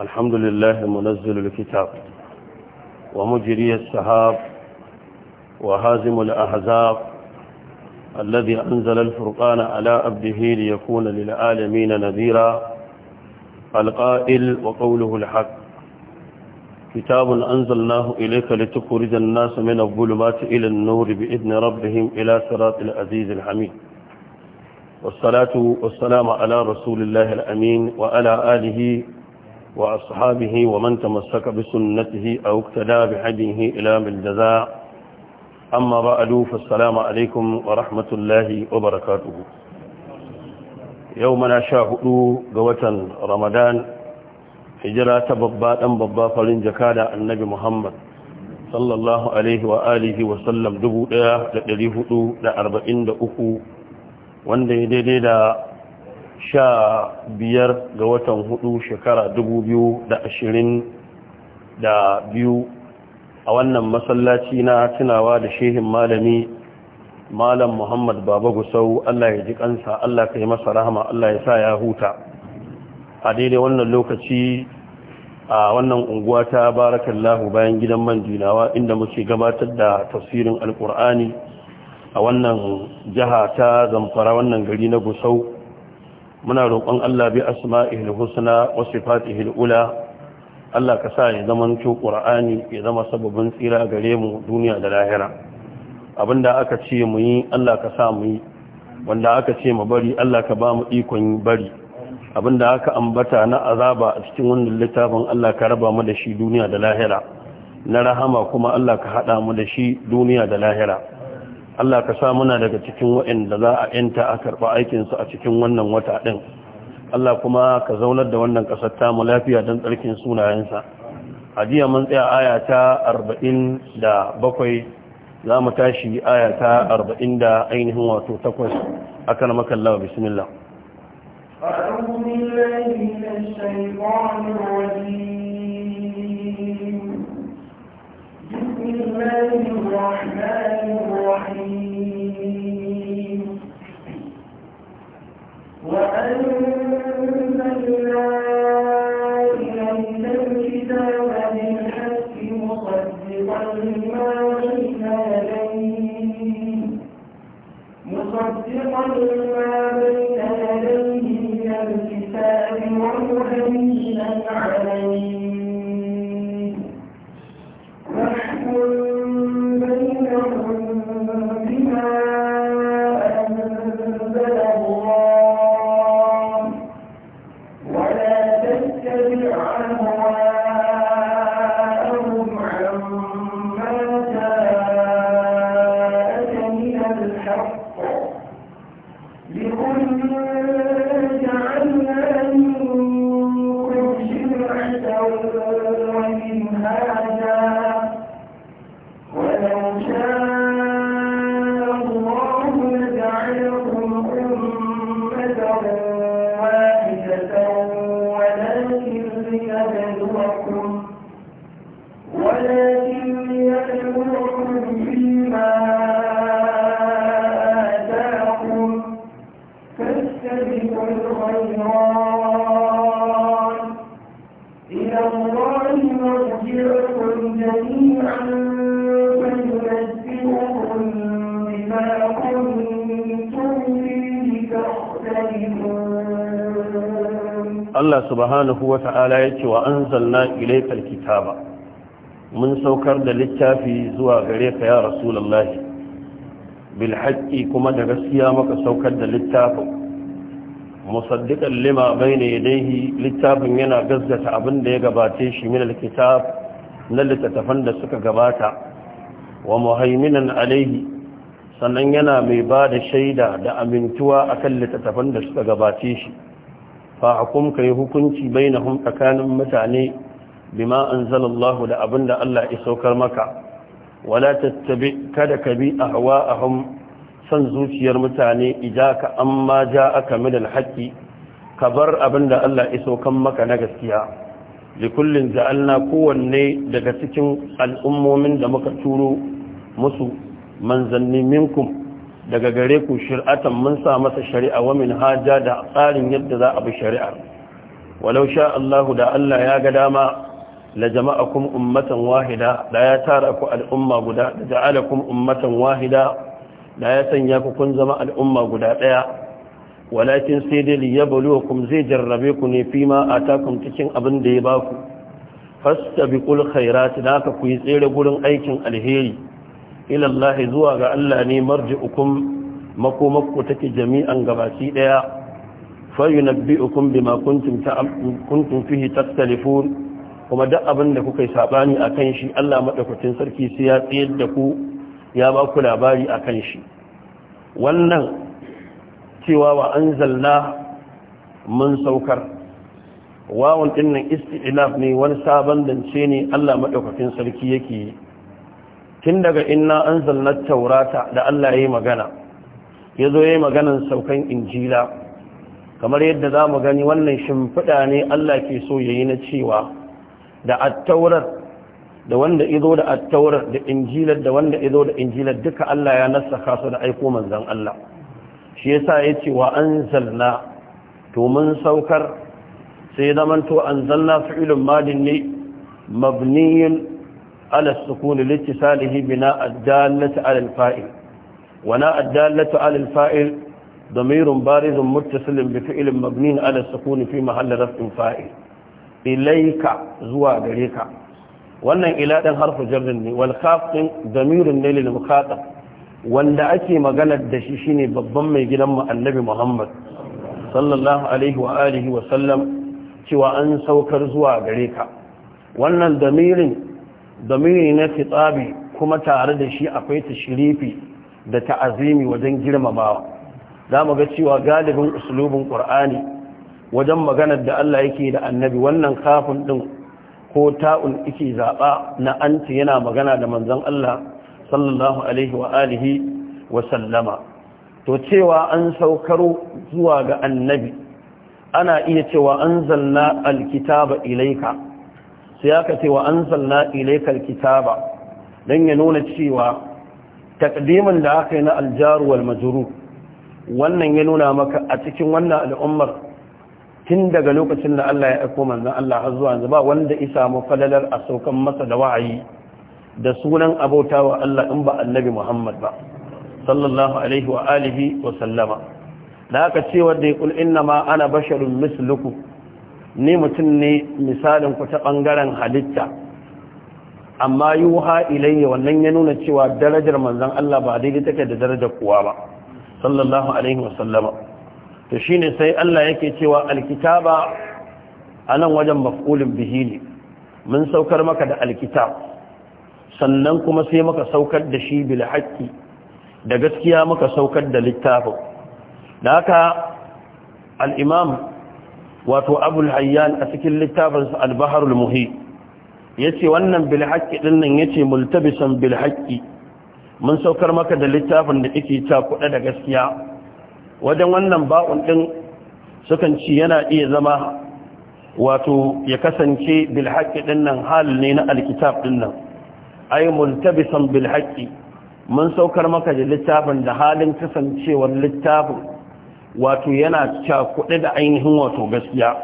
الحمد لله منزل الكتاب ومجري السحاب وهازم الأحزاب الذي أنزل الفرقان على أبده ليكون للعالمين نذيرا القائل وقوله الحق كتاب أنزلناه إليك لتخرج الناس من الظلمات إلى النور بإذن ربهم إلى صراط العزيز الحميد والصلاة والسلام على رسول الله الأمين وعلى آله وأصحابه ومن تمسك بسنته أو اقتدى بحجه إلى بالجزاء أما بعد فالسلام عليكم ورحمة الله وبركاته يومنا شاهد قوة رمضان هجرة ببا أم ببا فلنجكاد النبي محمد صلى الله عليه وآله وسلم دبو إياه لأليه دو لأربعين دأخو وان دي دي دي دا sha biyar ga watan hudu shekara dubu biyu da ashirin da biyu a wannan masallaci na tunawa da shehin malami malam muhammad baba gusau allah ya ji kansa allah ka yi masa rahama allah ya sa ya huta a daidai wannan lokaci a wannan unguwa ta barakallahu bayan gidan man dinawa inda muke gabatar da tafsirin alkur'ani a wannan jiha ta zamfara wannan gari na gusau muna roƙon Allah bi asma'ihil husna wa sifatihil ula Allah ka sa ya zama to Qur'ani ya zama sababin tsira gare mu duniya da lahira abinda aka ce mu yi Allah ka sa mu yi wanda aka ce mu bari Allah ka ba mu ikon bari abinda aka ambata na azaba a cikin wannan littafin Allah ka raba mu da shi duniya da lahira na rahama kuma Allah ka hada mu da shi duniya da lahira Allah ka sa muna daga cikin waɗanda za a yanta a karɓa aikinsu a cikin wannan wata ɗin Allah kuma ka zaunar da wannan ƙasar tamu lafiya don tsarkin sunayensa a jiya mun tsaya aya ta arba'in da bakwai za mu tashi aya ta arba'in da ainihin wato takwas a kan makallawa bismillah أعوذ بالله من الشيطان الرجيم وأن Allah subhanahu wa ta’ala ya ce wa an zanna ilai kalkita mun saukar da littafi zuwa gare ka ya Rasulallah, bil haƙƙi kuma da gaskiya maka saukar da littafin. musaddiqan lima bayna yadayhi littafin yana gaskata abin da ya gabace shi min alkitab na littattafan da suka gabata wa muhaiminan alaihi sannan yana mai ba da shaida da amintuwa akan littattafan da suka gabace shi fa hukum yi hukunci bainahum tsakanin mutane bima anzalallahu da abin da Allah ya saukar maka wala tattabi kada ka bi ahwa'ahum son zuciyar mutane ijaka amma da min ka bar abin da Allah iso kan maka na gaskiya likullin ja'alna kowanne daga cikin al'ummomin da muka turo musu manzanni minkum daga gare ku shir'atan mun sa masa shari'a wa min haja da tsarin yadda za a bi shari'a walau sha Allah da Allah ya ga dama la jama'akum ummatan wahida da ya tara ku al'umma guda da ja'alakum ummatan wahida da ya sanya ku kun zama al'umma guda ɗaya walakin sai dai ku zai jarrabe ku ne fima atakum cikin abin da ya ba ku fastabiqul khairat da ka ku yi tsere gurin aikin alheri ila zuwa ga Allah ne marji'ukum makomakku take jami'an gabaci daya fayunabbi'ukum bima kuntum kuntum fihi takhtalifun kuma duk abin da kuka yi sabani akan shi Allah madaukakin sarki sai ya tsayar da ku ya ba ku labari a kan shi wannan cewa wa an zalla mun saukar wawan ɗinnan isti'laf ne wani sabon dance ne allah maɗaukakin sarki yake yi tun daga inna an zalla taurata da allah ya yi magana ya zo ya yi maganan saukan injila kamar yadda za mu gani wannan shimfiɗa ne allah ke so ya yi na cewa da attaurar da wanda izo da attaurar da injilar da wanda izo da injilar duka Allah ya nassaka su da aiko manzon Allah shi yasa yace wa anzalna to mun saukar sai zaman to anzalna fi'lun madin ne mabniyin ala sukun litisalihi bina addallati ala alfa'il wana addallatu ala alfa'il ضمير بارز متصل بفعل مبني على السكون في محل رفع فاعل إليك زوا غريك wannan ila ɗin harfu jarrin ne wal kafin damirin ne lil mukatab wanda ake magana da shi shine babban mai gidan mu annabi Muhammad sallallahu alaihi wa alihi wa sallam cewa an saukar zuwa gare ka wannan damirin damiri na fitsabi kuma tare da shi akwai tashrifi da ta'azimi wajen girmamawa za mu ga cewa galibin usulubin qur'ani wajen maganar da Allah yake da annabi wannan kafin din ko ta'un ike zaɓa na anti yana magana da manzon Allah sallallahu alaihi wa wa sallama to cewa an saukaro zuwa ga annabi ana iya cewa an zalna alkitaba ilaika ya aka cewa an zalna ilaika alkitaba don ya nuna cewa takdimin da aka yi na aljaru majuru wannan ya nuna maka a cikin wannan al'ummar tun daga lokacin da Allah ya aiko manzon Allah har zuwa yanzu ba wanda ya samu falalar a saukan masa da wa'ayi da sunan abautawa Allah in ba annabi Muhammad ba sallallahu alaihi wa alihi wa sallama da aka ce wanda ya kul inna ma ana basharun misluku ni mutum ne misalin ku ta bangaren halitta amma yuha ilayya wannan ya nuna cewa darajar manzon Allah ba daidai take da darajar kowa ba sallallahu alaihi wa sallama to shine sai Allah yake cewa alkitaba anan wajen mafulin bihi ne mun saukar maka da alkitab sannan kuma sai maka saukar da shi bil da gaskiya maka saukar da littafin da haka al wato abul hayyan a cikin littafinsa albaharul muhi ya ce wannan bilhaƙi ɗinnan ya ce multabisan bilhaƙi mun saukar maka da littafin da yake ta kuɗa da gaskiya wajen wannan ba'un ɗin sukan ci yana iya zama wato ya kasance bilhaƙi ɗinnan nan hal ne na alkitab ɗinnan, ai multabisan bilhaƙi mun saukar maka da littafin da halin kasancewar littafin wato yana cakuɗe da ainihin wato gaskiya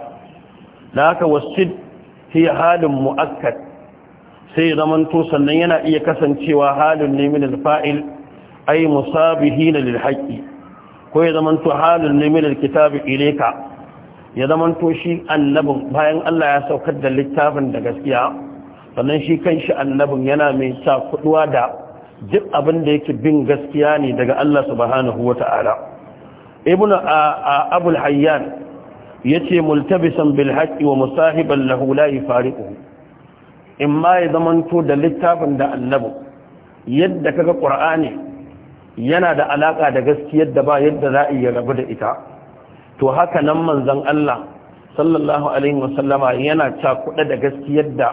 da haka wasid fi halin mu'akkad sai zamanto sannan yana iya kasancewa halin ne min alfa'il ai musabihi na lilhaƙi ko ya zama to halin ne min kitabi ilayka ya zama to shi annabin bayan Allah ya saukar da littafin da gaskiya sannan shi kanshi annabin yana mai sa kuduwa da duk abin da yake bin gaskiya ne daga Allah subhanahu wata'ala ibnu abul hayyan yace multabisan bil haqqi wa musahiban lahu la yafariquhu imma ya zama to da littafin da annabi yadda kaga qur'ani yana da alaka da gaskiyar da ba yadda za a iya rabu da ita to haka nan manzon Allah sallallahu alaihi wasallama yana ca kuɗa da gaskiyar da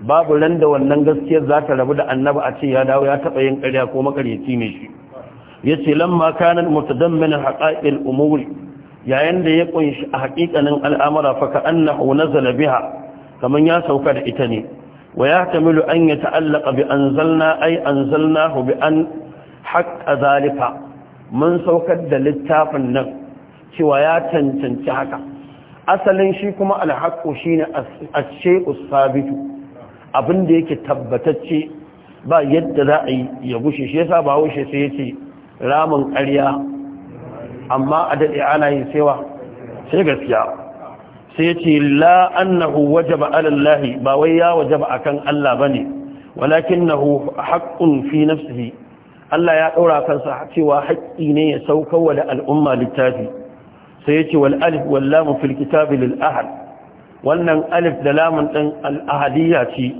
babu ran da wannan gaskiyar za ta rabu da annaba a ce ya dawo ya taɓa yin ƙarya ko makaryaci ne shi ya ce lamma kanan mutadammanin haƙaƙil umuri yayin da ya ƙunshi a haƙiƙanin al'amura faka annahu nazala biha kamar ya sauka da ita ne wa ya tamilu an ya ta'allaka bi anzalna ai anzalnahu bi an haƙa zalika mun saukar da littafin nan cewa ya cancanci haka asalin shi kuma alhaƙo shi ne a ce usabitu abinda yake tabbatacce ba yadda za a yi ya gushe shi yasa ba haushe sai ya ce ramin ƙarya amma a daɗe ana yin sewa sai gaskiya sai ce la annahu wajaba alallahi ba wai ya wajaba akan Allah bane walakinahu haqqun fi nafsihi Allah ya ɗaura kansa cewa haƙƙi ne ya sauka wa da al'umma littafi sai ya wal alif wal lamu fil kitabi lil ahad wannan alif da lamun ɗin al'ahadiyya ce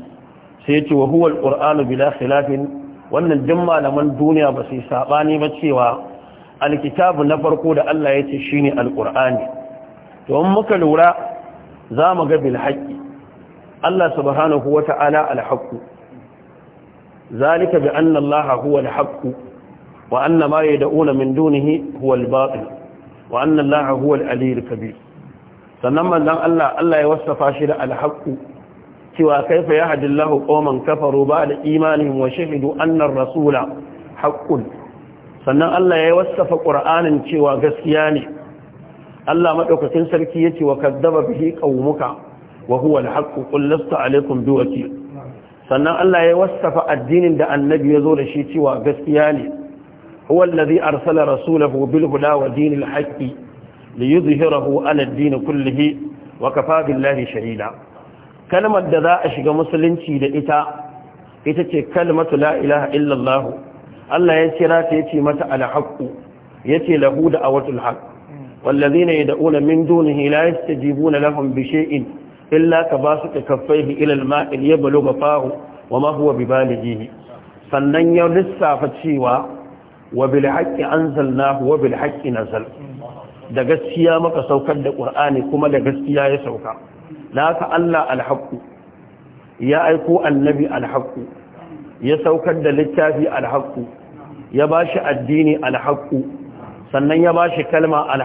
sai ya ce wa huwa al bila khilafin wannan duk malaman duniya ba sai saɓani ba cewa alkitabu na farko da Allah ya ce shi ne qurani to in muka lura za mu ga bil Allah subhanahu wata'ala al-haqqu zalika bi anna allaha huwa al wa anna ma yad'una min dunihi huwa al wa anna allaha huwa al-aliyyul kabir sannan manzon Allah Allah ya wasafa shi da al cewa kaifa yahdi allahu qauman kafaru ba'da imanihim wa shahidu anna rasula haqqun sannan Allah ya wasafa qur'anin cewa gaskiya ne Allah maɗaukacin sarki ce wa kadzaba bihi ƙaunuka wa huwa al-haqq qul lastu alaykum sannan Allah ya wasafa addinin da annabi ya zo da shi cewa gaskiya ne huwa allazi arsala rasulahu bil huda wa dinil haqqi liyuzhirahu ala ad-din kullihi wa kafa billahi shahida kalmar da za a shiga musulunci da ita ita ce kalmatu la ilaha illallah Allah ya kira ta yace mata al-haqqu yace lahu da awatul haqq والذين يدعون من دونه لا يستجيبون لهم بشيء illa ka ba su kaffaihi ila al-ma'il yablugha fahu wa ma huwa bibalighihi sannan ya lissafa cewa wa bil haqqi anzalnahu wa bil haqqi nazal da gaskiya maka saukar da qur'ani kuma da gaskiya ya sauka la ka Allah al ya aiko annabi al ya saukar da littafi al-haqqu ya bashi addini al sannan ya bashi kalma al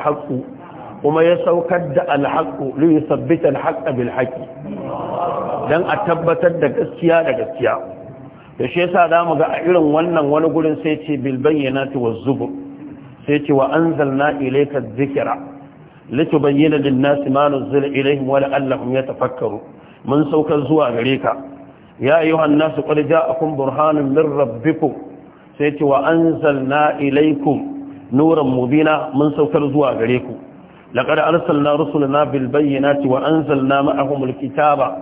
kuma ya saukar da alhaƙo liyu sabbita alhaƙa bil don a tabbatar da gaskiya da gaskiya da shi yasa za mu ga a irin wannan wani gurin sai ce bilbayyana ta wazzubur sai ce wa an zalna ilaika zikira litubayyana linnasi ma nuzila ilaihim wa ya tafakkaru. mun saukar zuwa gare ka ya ayyuhan nasu a ja'akum burhanun min rabbikum sai ce wa anzalna ilaykum nuran mubina mun saukar zuwa gare ku لقد أرسلنا رسلنا بالبينات وأنزلنا معهم الكتاب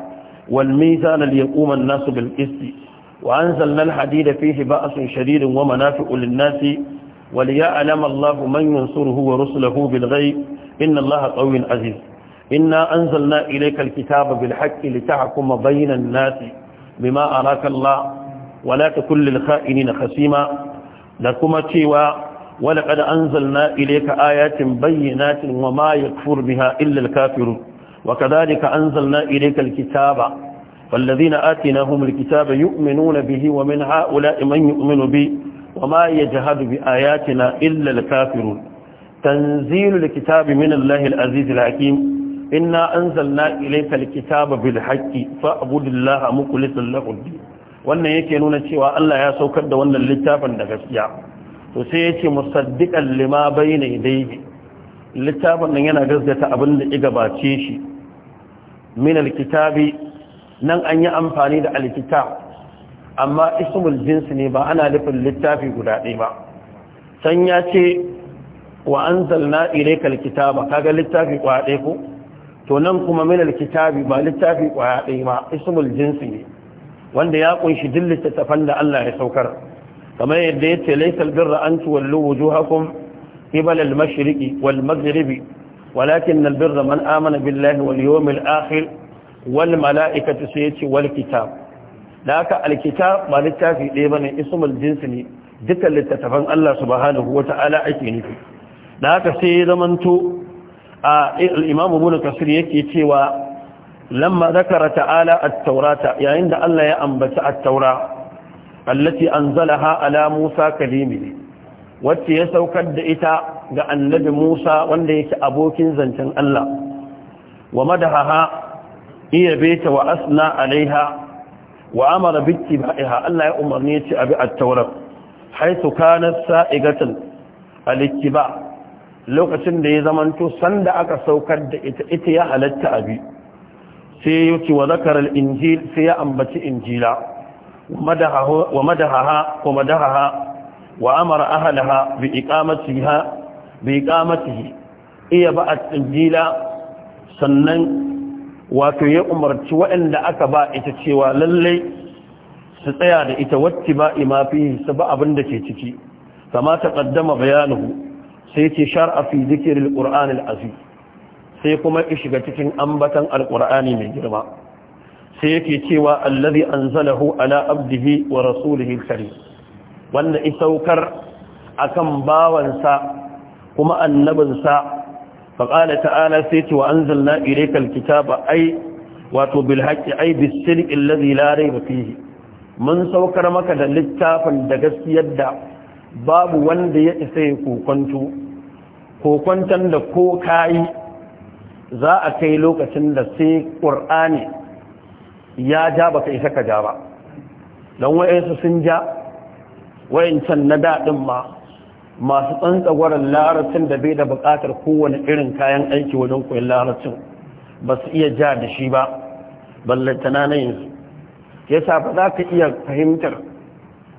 والميزان ليقوم الناس بالقسط وأنزلنا الحديد فيه بأس شديد ومنافع للناس وليعلم الله من ينصره ورسله بالغيب إن الله قوي عزيز إنا أنزلنا إليك الكتاب بالحق لتحكم بين الناس بما أراك الله ولا تكن للخائنين خسيما لكما تيوى ولقد أنزلنا إليك آيات بينات وما يكفر بها إلا الكافرون وكذلك أنزلنا إليك الكتاب والذين آتيناهم الكتاب يؤمنون به ومن هؤلاء من يؤمن به وما يجهد بآياتنا إلا الكافرون تنزيل الكتاب من الله العزيز الحكيم إنا أنزلنا إليك الكتاب بالحق فأعبد الله مخلصا له الدين wannan yake nuna cewa Allah ya saukar da wannan littafin da gaskiya to sai ya ce lima bai ne daidai littafin nan yana gaskata abin da iga bace shi min alkitabi nan an yi amfani da alkitab amma ismul jinsi ne ba ana nufin littafi guda ɗaya ba san ya ce wa an ilayka alkitaba kaga littafi kwaya ɗaya ko to nan kuma min alkitabi ba littafi kwaya ɗaya ba ismul jinsi ne wanda ya kunshi dillita tafan da Allah ya saukar kamar yadda ya ce laisal birra an tuwallu wujuhakum qibala al-mashriqi wal maghribi walakin na birra man amana billahi wal yawmil akhir wal ya sayati wal kita da aka al ba littafi ɗaya ne ismul jinsi ne dukkan littattafan Allah subhanahu ta'ala ake nufi da haka sai zamanto a al-imam kasir yake cewa lamma zakara ta'ala at-taurata yayin da Allah ya ambaci at taura. allati anzalaha ala Musa kalimi wacce ya saukar da ita ga annabi Musa wanda yake abokin zancen Allah wa madaha iya baita wa asna alaiha wa amara bittiba'iha Allah ya umarni ya ce abi at-taurat haythu kanat sa'igatan al-ittiba lokacin da ya zamanto sanda aka saukar da ita ita ya halatta abi sai ya ce wa zakara al-injil sai ya ambaci injila ومدحها ومدحها وأمر أهلها بإقامتها بإقامته إيا بقى التنجيل سنن وكي أمرت وإن لأك بائت سوى للي ستيا لإت واتباء ما فيه سبع بندك تكي كما تقدم بيانه سيتي شرع في ذكر القرآن العزيز سيكما إشغتك أنبتا القرآن من جرمان sai yake cewa allazi anzalahu ala abdihi wa rasulihi karim wanda isaukar akan bawansa kuma annabinsa faqala ta'ala sai ce wa anzalna ilaykal kitaba ay wato bil haqqi ay bis silqi allazi la rayba fihi mun saukar maka da littafin da gaskiyar da babu wanda ya isa ya kokonto kokonton da ko kayi za a kai lokacin da sai qur'ani ya ja ba ka isa ka ja ba don wayansu sun ja wayancan na daɗin ma masu tsantsagwarar larabcin da bai da buƙatar kowane irin kayan aiki wajen koyon larabcin ba su iya ja da shi ba ballantana na yanzu ya sa ba za ka iya fahimtar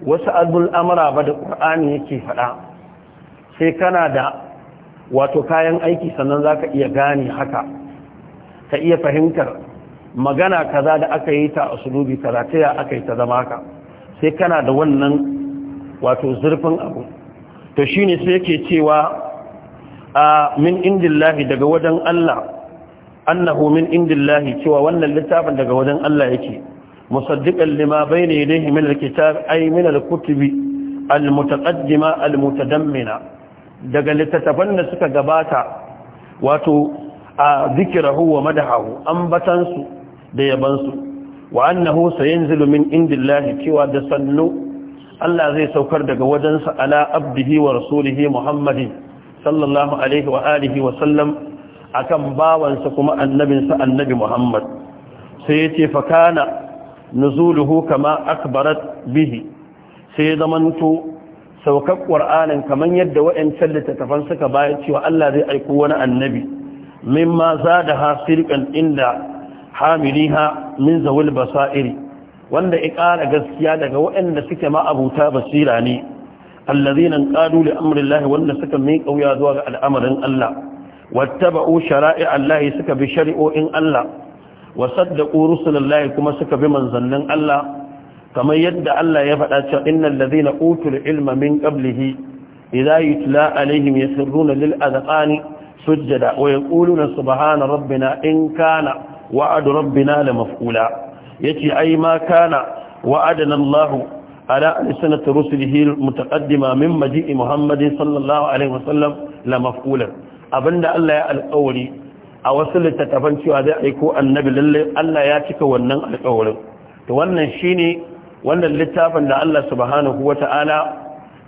wasu amara ba da ƙur'ani yake faɗa sai kana da wato kayan aiki sannan za ka iya gane haka ka iya fahimtar magana kaza da aka yi ta usulubi kaza ta ya aka yi ta zama ka sai kana da wannan wato zurfin abu to shine sai yake cewa a min indillahi daga wajen Allah annahu min indillahi cewa wannan littafin daga wajen Allah yake musaddiqan lima bayna yadayhi min alkitab ay min alkutubi almutaqaddima almutadammina daga littattafan da suka gabata wato a zikirahu wa madahahu batansu. da yabansu wa annahu sayanzilu min indillahi cewa da sannu Allah zai saukar daga wajensa ala abdihi wa rasulihi Muhammadin sallallahu alaihi wa alihi wa sallam akan bawansa kuma annabinsa annabi Muhammad sai yace fa kana nuzuluhu kama akbarat bihi sai zamanto saukar ƙwar'anin kamar yadda wa'yancan littattafan suka bayan cewa Allah zai aiko wani annabi mimma za da hasirkan inda hamiliha min zawul basairi wanda ya ƙara gaskiya daga waɗanda suke ma'abuta basira ne allazina qalu li amri llahi wanda suka mai kauya zuwa ga al'amarin Allah wattaba'u shara'i'a llahi suka bi shari'o'in Allah wa saddaqu rusulallahi kuma suka bi manzannin Allah kamar yadda Allah ya faɗa cewa innal ladhina utul ilma min qablihi idza yutla alaihim yasirruna lil azqani sujada wa yaquluna subhana rabbina in kana wa'ad rabbina la maf'ula yace ai ma kana wa'adana Allah ala alsanati rusulihi min maji'i Muhammadin sallallahu alaihi wasallam la maf'ula abinda Allah ya alƙawari a wasu littattafan cewa zai aiko annabi lalle Allah ya cika wannan alƙawarin to wannan shine wannan littafin da Allah subhanahu wata'ala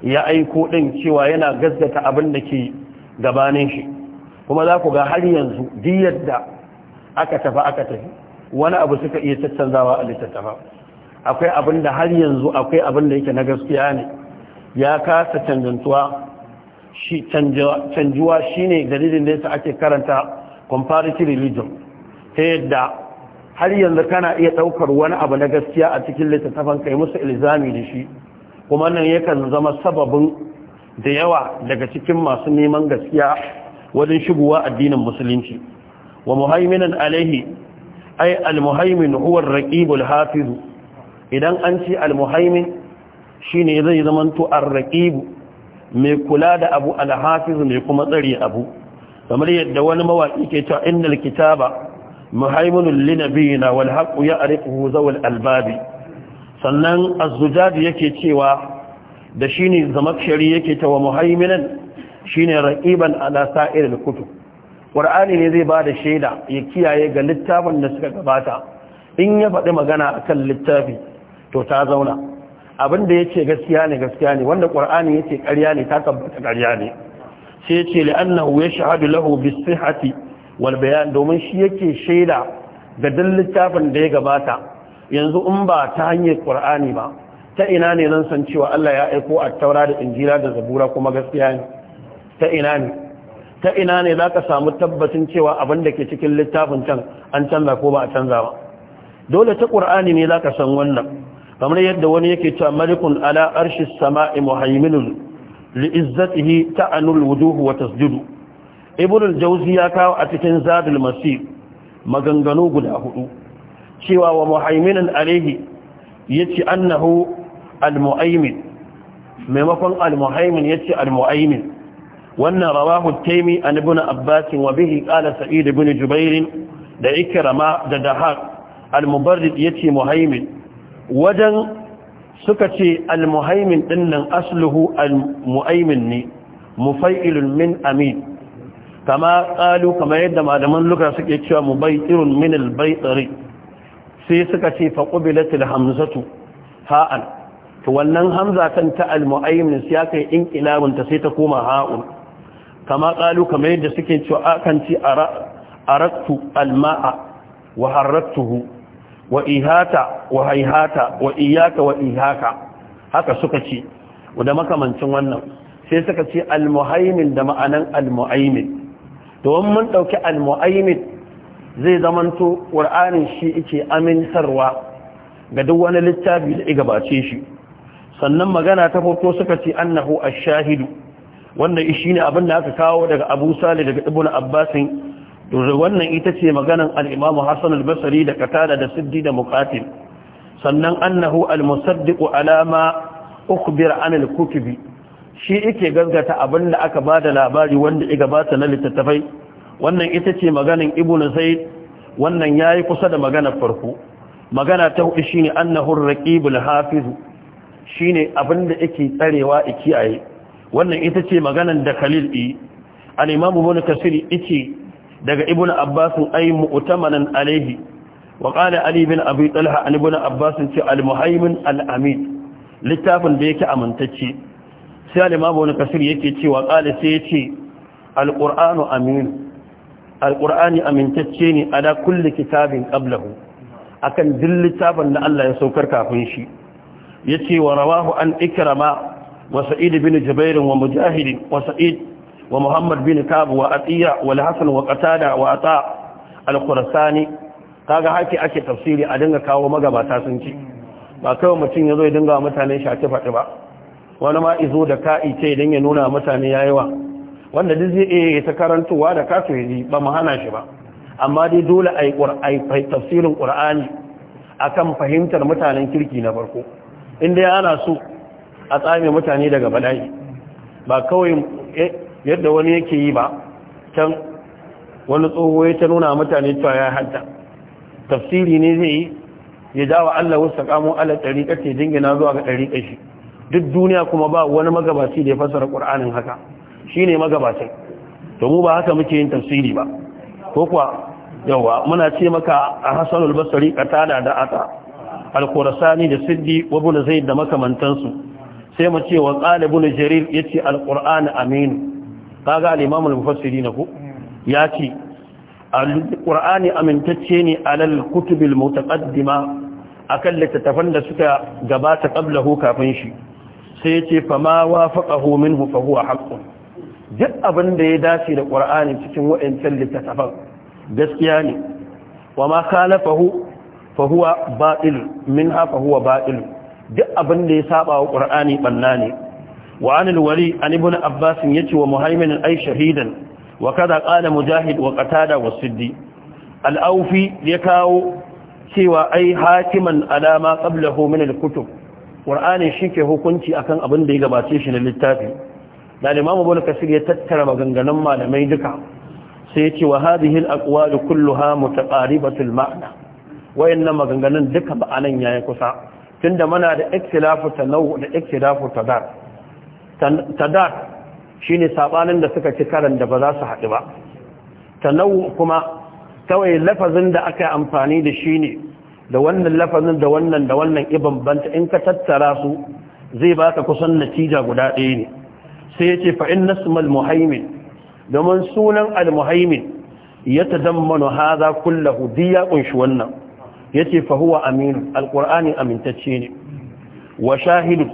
ya aiko din cewa yana gazzata abin da ke gabanin shi kuma za ku ga har yanzu diyar da aka tafi aka tafi wani abu suka iya tattanzawa a littattafa akwai abin da har yanzu akwai abin da yake na gaskiya ne ya kasa canjantuwa shi canjuwa shine dalilin da yasa ake karanta comparative religion ta yadda har yanzu kana iya daukar wani abu na gaskiya a cikin littattafan kai musu ilzami da shi kuma nan yakan zama sababin da yawa daga cikin masu neman gaskiya wajen shigowa addinin musulunci wa muhaiminan alaihi ai almuhaimin huwa raqibul Hafizu. idan an ce almuhaimin shine zai zamanto ar-raqib mai kula da abu al-hafiz mai kuma tsare abu kamar yadda wani mawaki ke cewa innal kitaba muhaiminun linabiyina wal haqu ya'rifuhu zawal albabi sannan az-zujaj yake cewa da shine zamakshari ta, wa muhaiminan shine raqiban ala sa'iril kutub ƙwar'ani ne zai ba da shaida ya kiyaye ga littafin da suka gabata in ya faɗi magana a kan littafi to ta zauna abin da ya ce gaskiya ne gaskiya ne wanda ƙwar'ani ya ce ƙarya ne ta tabbata ƙarya ne sai ya ce li'annahu ya shahadu lahu bi sihhati wal bayan domin shi yake shaida ga dan littafin da ya gabata yanzu in ba ta hanyar ƙwar'ani ba ta ina ne zan san cewa Allah ya aiko a taura da injila da zabura kuma gaskiya ne ta ina ne ta ina ne za ka samu tabbacin cewa abin da ke cikin littafin can an canza ko ba a canza ba dole ta ƙur'ani ne za ka san wannan kamar yadda wani yake ta malikun ala arshi sama'i muhaiminun li'izzatihi anul wuduhu wa tasjudu ibn al-jawzi ya kawo a cikin zadul masir maganganu guda hudu cewa wa muhaiminan alaihi yace annahu al-mu'aymin maimakon al-muhaimin yace al-mu'aymin wannan rawahu taimi an ibn abbas wa bihi qala sa'id ibn jubair da ikrama da Dahar al-mubarrid yace muhaimin wajen suka ce al-muhaimin dinnan asluhu al-muaimin ne mufailun min amin kama ƙalu kama yadda malaman luka suke cewa mu bai irin min albaitsari sai suka ce faƙubilatul hamzatu ha'an to wannan hamza kan ta al-mu'aimin sai aka yi inƙilabinta sai ta koma ha'un kama ƙalu kamar yadda suke cewa akan ci arattu alma'a wa harattuhu wa ihata wa haihata wa iyaka wa ihaka haka suka ce da makamancin wannan sai suka ce almuhaimin da ma'anan almuhaimin domin mun ɗauki almuhaimin zai zamanto ƙur'anin shi yake amintarwa ga duk wani littafi da igabace gabace shi sannan magana ta farko suka ce annahu ash-shahidu wannan shi ne abin da aka kawo daga abu sale daga ibn abbasin wannan ita ce maganan al'imamu hassan al-basari da katada da siddi da mukatil sannan annahu al-musaddiqu alama biyar an al-kutubi shi ike gaskata abin da aka da labari wanda ba ta na littattafai wannan ita ce maganan ibnu zaid wannan yayi kusa da maganar farko magana ta hudu shine annahu ar hafizu hafiz shine abin da yake tsarewa ikiyaye wannan ita ce maganan da khalil bi. al-imam ibn kasir yace daga ibn abbas ay mu'tamanan alayhi wa qala ali bin abi talha an ibn abbas ce al-muhaymin al-amin littafin da yake amintacce sai al-imam ibn kasir yake cewa qala sai yace al-qur'anu amin al-qur'ani amintacce ne ala kulli kitabin qablahu akan duk littafin da Allah ya saukar kafin shi yace wa rawahu an ikrama وسعيد بن جبير ومجاهد وسعيد ومحمد بن كعب وأطيع والحسن وقتادة وأطاع الخرساني kaga haki ake tafsiri a dinga kawo magabata sun ci ba kawai mutum ya zo ya dinga mutane shafi faɗi ba wani ma izo da ka'i ce idan ya nuna mutane ya yawa wanda duk zai iya ta karantowa da kasu ya ba mu hana shi ba amma dai dole a yi tafsirin ƙur'ani akan fahimtar mutanen kirki na farko inda ya ana so a tsami mutane daga bala'i ba kawai eh, yadda wani yake yi ba can wani tsoho ya ta nuna mutane cewa ya hadda tafsiri ne zai yi ya dawa Allah wasu kamo ala ɗariƙa ce na zuwa ga ɗari shi duk duniya kuma ba wani magabaci da ya fasara ƙur'anin haka shi ne magabacin to mu ba haka muke yin tafsiri ba ko kuwa yawa muna ce maka a basari albasari katada da ata alkurasani da siddi wabula zai da makamantansu sai mu ce wa qalibul jarir yace alqur'an aminu kaga al-imam al-mufassirin ku yace alqur'ani amintacce ne alal kutubil mutaqaddima akan littattafan da suka gabata qablahu kafin shi sai yace fama wafaqahu minhu fa huwa haqqun duk abin da ya dace da qur'ani cikin wa'ancan littattafan gaskiya ne wa ma khalafahu fa huwa ba'il minha fa huwa ba'il duk abin da ya saba wa qur'ani banna ne wa anil wali an ibn abbas yace wa muhaimin ay shahidan wa kaza qala mujahid wa qatada wa siddi al-awfi ya kawo cewa ai hakiman alama qablahu min al-kutub ƙur'ani shike hukunci akan abin da ya gabace shi na littafi da imam abu kasir ya tattara maganganun malamai duka sai yace wa hadhihi al-aqwal kulluha mutaqaribatul ma'na wayannan maganganun duka ba'anan yayi kusa tunda mana da ikhtilafu tanawu da ikhtilafu tadar tadar shine sabanin da suka ci karan da ba za su haɗu ba tanawu kuma kawai lafazin da aka amfani da shi ne da wannan lafazin da wannan da wannan iban banta in ka tattara su zai baka kusan natija guda ɗaya ne sai ya ce fa'in nasmal muhaimin domin sunan al-muhaimin ya ta dammanu haza kullahu duk ya ƙunshi wannan yace ce huwa amin amintacce ne wa shahidu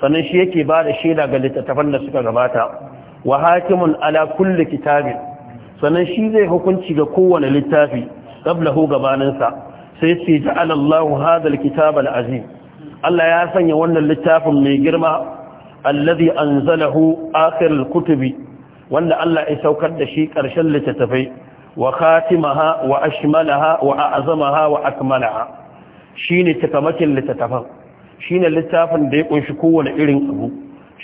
sannan shi yake ba da shaida ga littattafan da suka gabata wa hakimun ala kulle kitabin sannan shi zai hukunci ga kowane littafi qablahu gabaninsa sai ce ja'ala Allahu hadha alkitaba alazim Allah ya sanya wannan littafin mai girma alladhi anzalahu akhir kutubi wanda Allah ya saukar da shi ƙarshen littattafai wa khatimaha wa ashmalaha wa a'zamaha wa akmalaha shine takamakin littafin shine littafin da ya kunshi kowane irin abu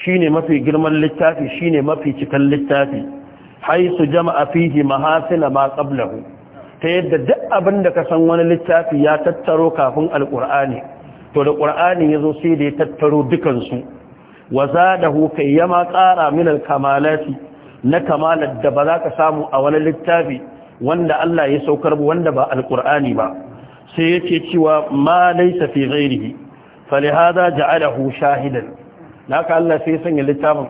shine mafi girman littafi shine mafi cikan littafi haisu jama'a fihi mahasila ma qablahu ta yadda duk abin da ka san wani littafi ya tattaro kafin alqur'ani to da qur'ani yazo sai da ya tattaro dukan su wa zadahu kayyama qara min alkamalati na kamalar da ba za ka samu a wani littafi wanda Allah ya saukar wanda ba Alkur'ani ba sai ce cewa ma laysa fi ghairihi falihada ja'alahu shahidan naka Allah sai sanya littafin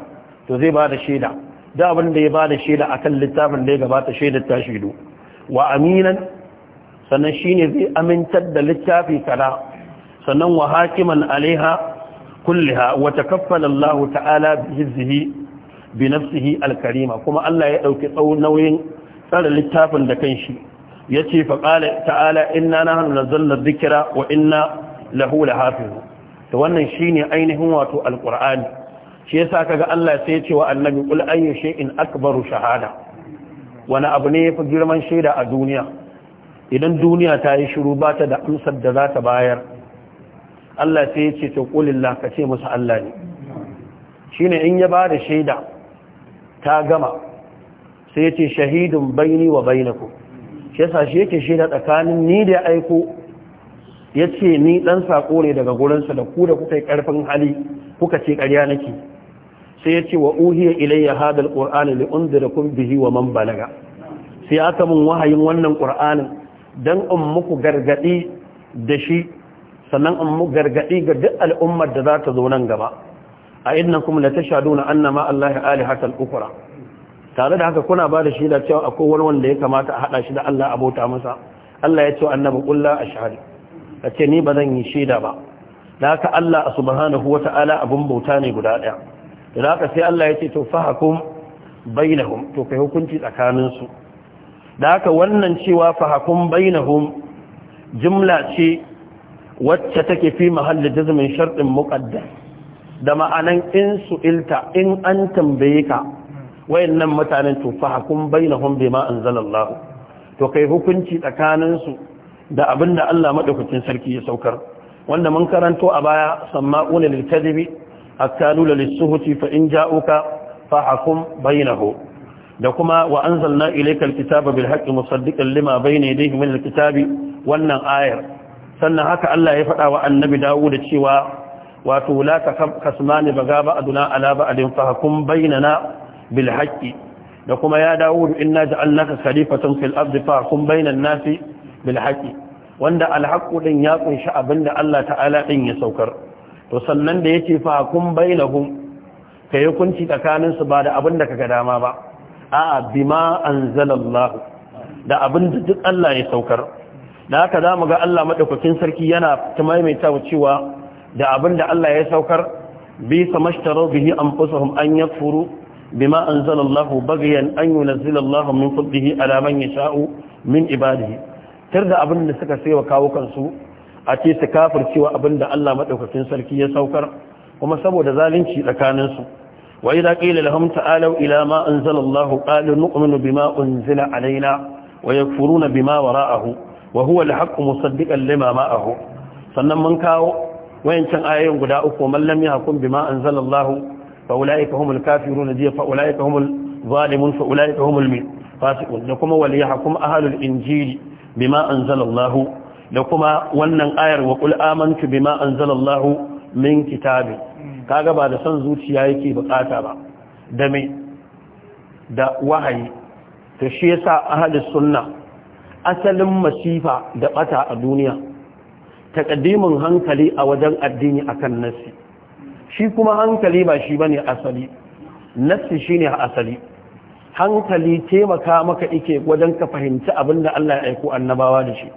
to zai bada shaida da abin da ya bada shaida akan littafin da ya gabata shaidar ta shaidu wa aminan sannan shine zai amintar da littafi kala sannan wa hakiman alaiha kulliha wa takaffala Allah ta'ala bi Alkarima nafsihi kuma Allah ya dauki tsawon nauyin tsara littafin da kanshi yace fa qala ta'ala inna na zallar zikira wa inna lahu hafizu. to wannan shine ainihin wato alqur'ani shi yasa ga Allah sai yace wa annabi qul ayyu shay'in akbaru shahada wani abu ne yafi girman shaida a duniya idan duniya ta yi shiru ba ta da amsar da za ta bayar Allah sai yace ta qulillah ka ce musu Allah ne shine in ya bada shaida ta gama sai yace shahidun baini wa bainakum shi yasa shi yake shaida tsakanin ni da aiko yace ni dan sako ne daga gurinsa da ku da kuka yi karfin hali kuka ce ƙarya nake sai yace wa uhiya ilayya hadal qur'ani li unzirakum bihi wa man balaga sai aka mun wahayin wannan qur'anin dan in muku gargadi da shi sannan in muku gargadi ga duk al'ummar da za ta zo nan gaba a innakum latashaduna annama allahi alihatan ukra tare da haka kuna ba da shaida cewa akwai wani wanda ya kamata a haɗa shi da Allah abota masa Allah ya ce annabi kulla A ce ni ba zan yi shaida ba da haka Allah subhanahu wataala abun bauta ne guda ɗaya da haka sai Allah ya ce to fahakum bainahum to kai hukunci tsakanin su da haka wannan cewa fahakum bainahum jumla ce wacce take fi mahalli jazmin shartin muqaddas da ma'anan in ilta in an tambaye ka wayannan mutanen to fa hukum bainahum bima anzalallahu to kai hukunci tsakanin su da abinda Allah madaukakin sarki ya saukar wanda mun karanto a baya sama'una lil kadhibi akalu lil suhti fa in ja'uka fa hukum bainahu da kuma wa anzalna ilayka al kitaba bil haqqi musaddiqan lima bayna yadayhi min kitabi wannan ayar sannan haka Allah ya faɗa wa annabi Dawud cewa wato la takasmani baga ba'duna ala ba'din fa hukum bainana Bilhaƙi. da kuma ya dawo in inna ja'alnaka khalifatan fil ardi fahkum bainan nasi bil haqqi wanda al ɗin ya ƙunshi abinda Allah ta'ala ɗin ya saukar to sannan da yace fahkum bainahum kai hukunci tsakanin su ba da da kaga dama ba a'a bima anzalallahu da abinda duk Allah ya saukar da haka zamu ga Allah maɗaukakin sarki yana maimaitawa cewa da abinda Allah ya saukar bi samashtaru bihi anfusuhum an furu. bima anzalallahu bagiyan an yunzilallahu min fadlihi ala man yasha'u min ibadihi tarda abin da suka sai wa kawo kansu a ce su kafircewa abin da Allah madaukakin sarki ya saukar kuma saboda zalunci tsakanin su wa idza qila lahum ta'alu ila ma anzalallahu qalu nu'minu bima unzila alaina wa yakfuruna bima wara'ahu wa huwa al-haqqu musaddiqan lima ma'ahu sannan mun kawo wayancan ayoyin guda uku man lam yahkum bima anzalallahu fa ulaika humul kafirun jiya fa ulaika humul zalimun fa ulaika humul fasiqun da kuma wal yahkum ahlul injili bima anzalallahu da kuma wannan ayar wa qul amantu bima anzalallahu min kitabi kaga ba da son zuciya yake bukata ba da da wahayi to shi sunna asalin masifa da bata a duniya takaddimin hankali a wajen addini akan nasi shi kuma hankali ba shi ba ne asali shi ne asali hankali taimaka maka ike wajen ka fahimci abin da Allah ya aiko annabawa da shi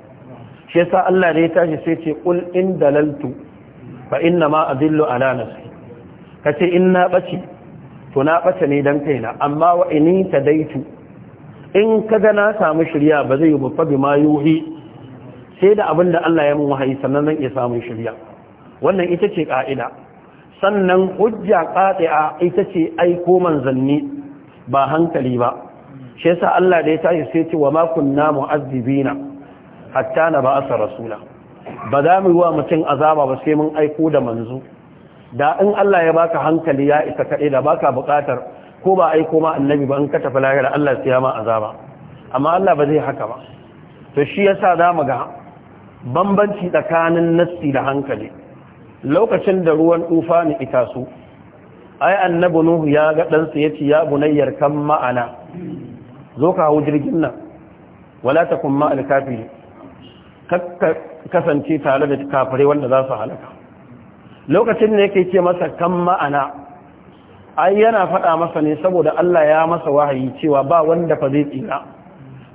shi yasa Allah da ya tashi sai ce qul in dalaltu fa inna ma adillu ala nafsi kace in na bace to na bace ne dan kaina amma wa in tadaitu in kaga na samu shirya ba zai yi fa ma yuhi sai da abin da Allah ya mun wahayi sannan zan iya samun shirya wannan ita ce ka'ida sannan hujja a ita ce aiko manzanni ba hankali ba shi yasa Allah da ya tashi sai ce wa makunna kunna mu'azzibina hatta na ba asa rasula ba za mu yi wa mutum azaba ba sai mun aiko da manzo da in Allah ya baka hankali ya isa kaɗai da baka buƙatar ko ba aiko ma annabi ba in ka tafi lahira Allah sai ya ma azaba amma Allah ba zai haka ba to shi yasa za mu ga bambanci tsakanin nassi da hankali lokacin da ruwan ne ita su ai annabi nuhu ya ga ɗansa ya yace ya bunayyar kan ma'ana zo ka hau jirgin nan wala ta kuma alkafi kasance tare da kafirai wanda za su halaka lokacin da yake ce masa kan ma'ana ai yana faɗa masa ne saboda Allah ya masa wahayi cewa ba wanda fa zai tsira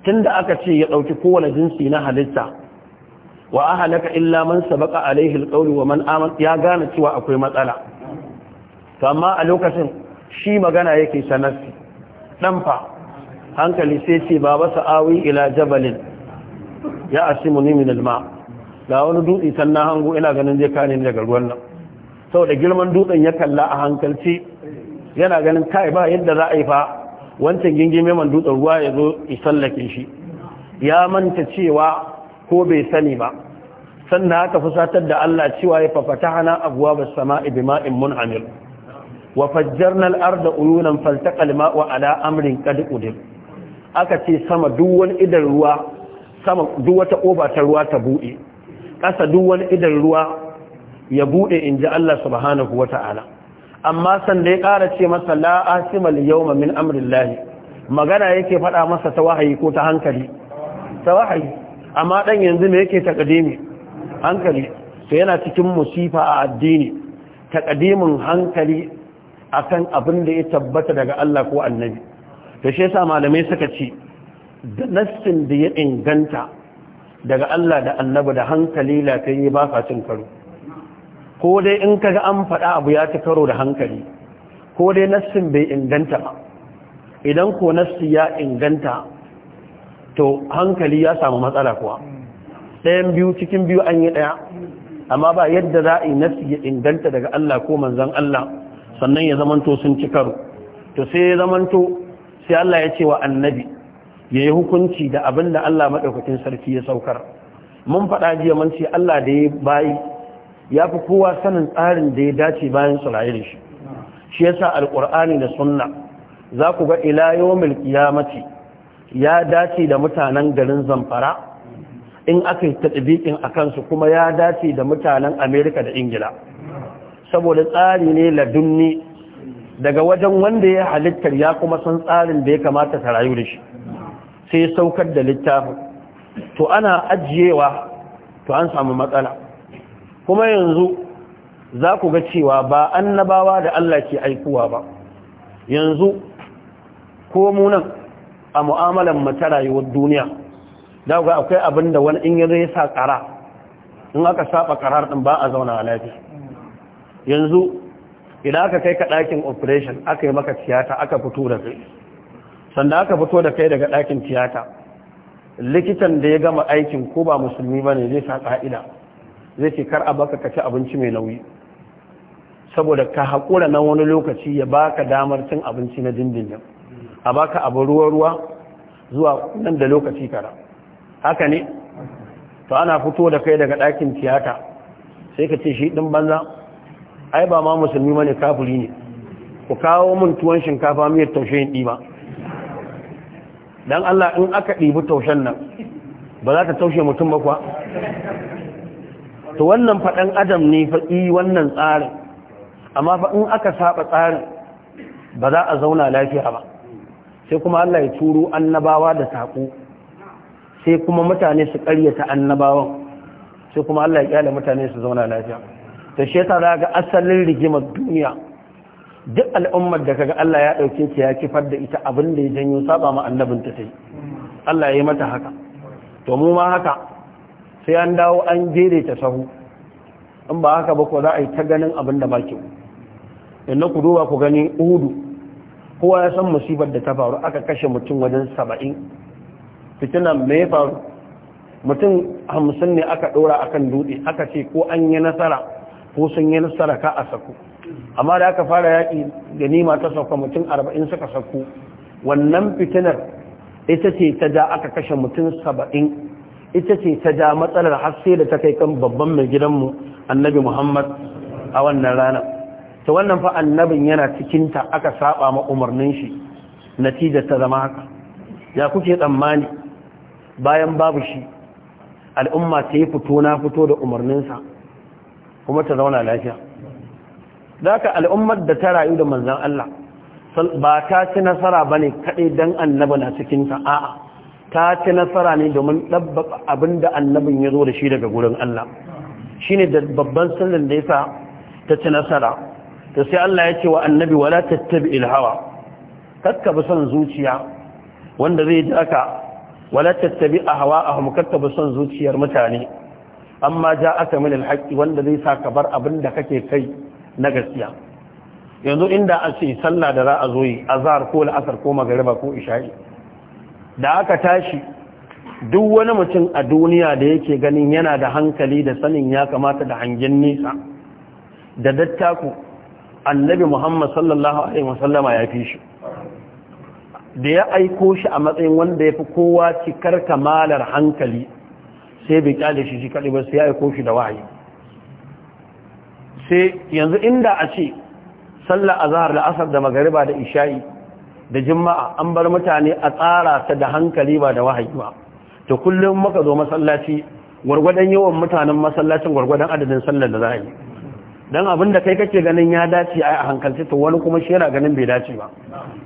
tunda aka ce ya ɗauki kowane jinsi na halitta wa halaka illa man sabaqa alaihi alqawl wa man aman ya gane cewa akwai matsala to amma a lokacin shi magana yake sanarsi dan fa hankali sai ce baba sa'awi ila jabalin ya asimuni min alma ga wani dutse sannan hango ina ganin zai kare ni daga ruwan nan saboda girman dutsen ya kalla a hankalci yana ganin kai ba yadda za a yi fa wancan gingime man dutsen ruwa ya zo isallake shi ya manta cewa ko bai sani ba sannan haka fusatar da Allah cewa ya fafata hana abuwa ba sama ibima'in munhamil wa fajjarna al'arda uyunan faltaka lima'u ala amrin kadi udir aka ce sama duk wani idan ruwa sama duk wata ƙofa ta ruwa ta buɗe ƙasa duk wani idan ruwa ya buɗe in ji Allah subhanahu wa ta'ala amma sanda ya ƙara ce masa la'asimal yawma min amrillahi magana yake faɗa masa ta wahayi ko ta hankali ta wahayi amma ɗan yanzu me yake takadimi hankali to yana cikin musifa a addini takadimin hankali akan abin da ya tabbata daga Allah ko annabi to shi yasa malamai suka ce da nassin da ya inganta daga Allah da annabi da hankali lafiyayye ba ka cin karo ko dai in kaga an faɗa abu ya ci karo da hankali ko dai nassin bai inganta idan ko nassi ya inganta to hankali ya samu matsala kuwa ɗayan biyu cikin biyu an yi ɗaya amma ba yadda za a yi nafsi ya inganta daga Allah ko manzan Allah sannan ya zamanto sun ci karo to sai ya zamanto sai Allah ya ce wa annabi ya yi hukunci da abin da Allah maɗaukakin sarki ya saukar mun faɗa jiya mun ce Allah da ya bayi ya fi kowa sanin tsarin da ya dace bayan su da shi shi sa alƙur'ani da sunna za ku ga ila ya mace? ya dace da mutanen garin zamfara in aka yi taɗibikin a kansu kuma ya dace da mutanen amerika da ingila saboda tsari ne ladunni daga wajen wanda ya halittar ya kuma san tsarin da ya kamata ta rayu da shi sai saukar da littafin to ana ajiyewa to an samu matsala kuma yanzu za ku ga cewa ba annabawa da Allah ke aikuwa ba yanzu ko munan a mu'amalar mata rayuwar duniya da ga akwai abin da wani in yanzu ya sa ƙara in aka saba ƙarar ɗin ba a zauna a lafiya yanzu idan aka kai ka ɗakin operation aka yi maka tiyata aka fito da kai sanda aka fito da kai daga ɗakin tiyata likitan da ya gama aikin ko ba musulmi ba ne zai sa ƙa'ida zai ce kar a baka ka ci abinci mai nauyi saboda ka haƙura na wani lokaci ya baka damar cin abinci na dindindin a baka abu ruwa-ruwa zuwa nan da lokaci kara haka ne to ana fito da kai daga ɗakin tiyata sai ka ce shi ɗin banza ai ba ma musulmi mani kafuri ne ku kawo mun tuwon shinkafa miyar taushe yin ɗiba don Allah in aka ɗibi taushen nan ba za ta taushe mutum ba kuwa to wannan faɗan adam ne faɗi wannan tsarin amma fa in aka saba tsarin ba za a zauna lafiya ba sai kuma Allah ya turo annabawa da saƙo sai kuma mutane su ƙaryata annabawan sai kuma Allah ya kyale mutane su zauna lafiya to shi yasa za ga asalin rigimar duniya duk al'ummar da kaga Allah ya dauke ta ya kifar da ita abin da ya janyo saba ma annabin ta sai Allah ya yi mata haka to mu ma haka sai an dawo an jere ta sahu in ba haka ba ko za a yi ta ganin abin da ba ke ku duba ku gani uhudu kowa ya san musibar da ta faru aka kashe mutum wajen saba'in fitina mai faru mutum hamsin ne aka ɗora a kan dutse aka ce ko an yi nasara ko sun yi nasara ka a sako amma da aka fara yaƙi da nima ta sauka mutum arba'in suka sako wannan fitinar ita ce ta da aka kashe mutum saba'in ita ce ta ja matsalar har sai da ta kai kan babban mai gidanmu annabi muhammad a wannan ranar to wannan fa annabin yana cikin aka saba ma umarnin shi natijar ta zama haka ya kuke tsammani bayan babu shi al'umma ta yi fito na fito da umarninsa kuma ta zauna lafiya da ka al'ummar da ta rayu da manzan Allah ba ta ci nasara ba ne kaɗai don annabi na cikinta a'a ta ci nasara ne domin dabba abin da annabin ya zo da shi daga gurin Allah shi ne da babban sirrin da ya sa ta ci nasara to sai Allah ya ce wa annabi wala tattabi hawa kakka bi son zuciya wanda zai ji aka wala tattabi ahwa'ahum kakka bi son zuciyar mutane amma ja'aka min alhaqi wanda zai saka bar abin da kake kai na gaskiya yanzu inda a ce sallah da za a zo yi azhar ko al'asar ko magriba ko isha'i da aka tashi duk wani mutum a duniya da yake ganin yana da hankali da sanin ya kamata da hangen nesa da dattako. annabi muhammad sallallahu alaihi wasallama ya fi shi da ya aiko shi a matsayin wanda ya fi kowa cikar kamalar hankali sai bai kyale shi shi ba sai ya aiko shi da wahayi sai yanzu inda a ce sallar azahar da asar da magariba da isha'i da jima'a an bar mutane a tsara ta da hankali ba da wahayi ba to kullum muka zo masallaci gwargwadon yawan mutanen masallacin gwargwadon adadin sallar da za yi dan abin da kai kake ganin ya dace a hankalci to wani kuma shi yana ganin bai dace ba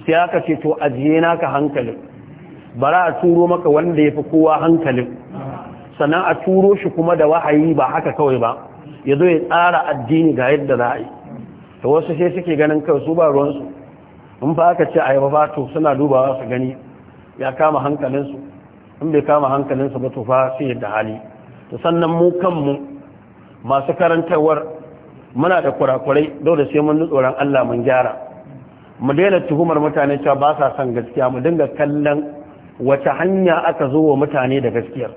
sai aka ce to ajiye naka hankalin bara a turo maka wanda ya fi kowa hankalin sannan a turo shi kuma da wahayi ba haka kawai ba ya zo ya tsara addini ga yadda za a yi ta wasu sai suke ganin kawai su ba ruwansu in ba aka ce a yi ba to suna dubawa su gani ya kama hankalinsu in bai kama hankalinsu ba to fa sai yadda hali to sannan mu kanmu masu karantarwar muna da kurakurai dole sai mun tsoron Allah mun gyara mu daina tuhumar mutane cewa ba sa son gaskiya mu dinga kallon wata hanya aka zo wa mutane da gaskiyar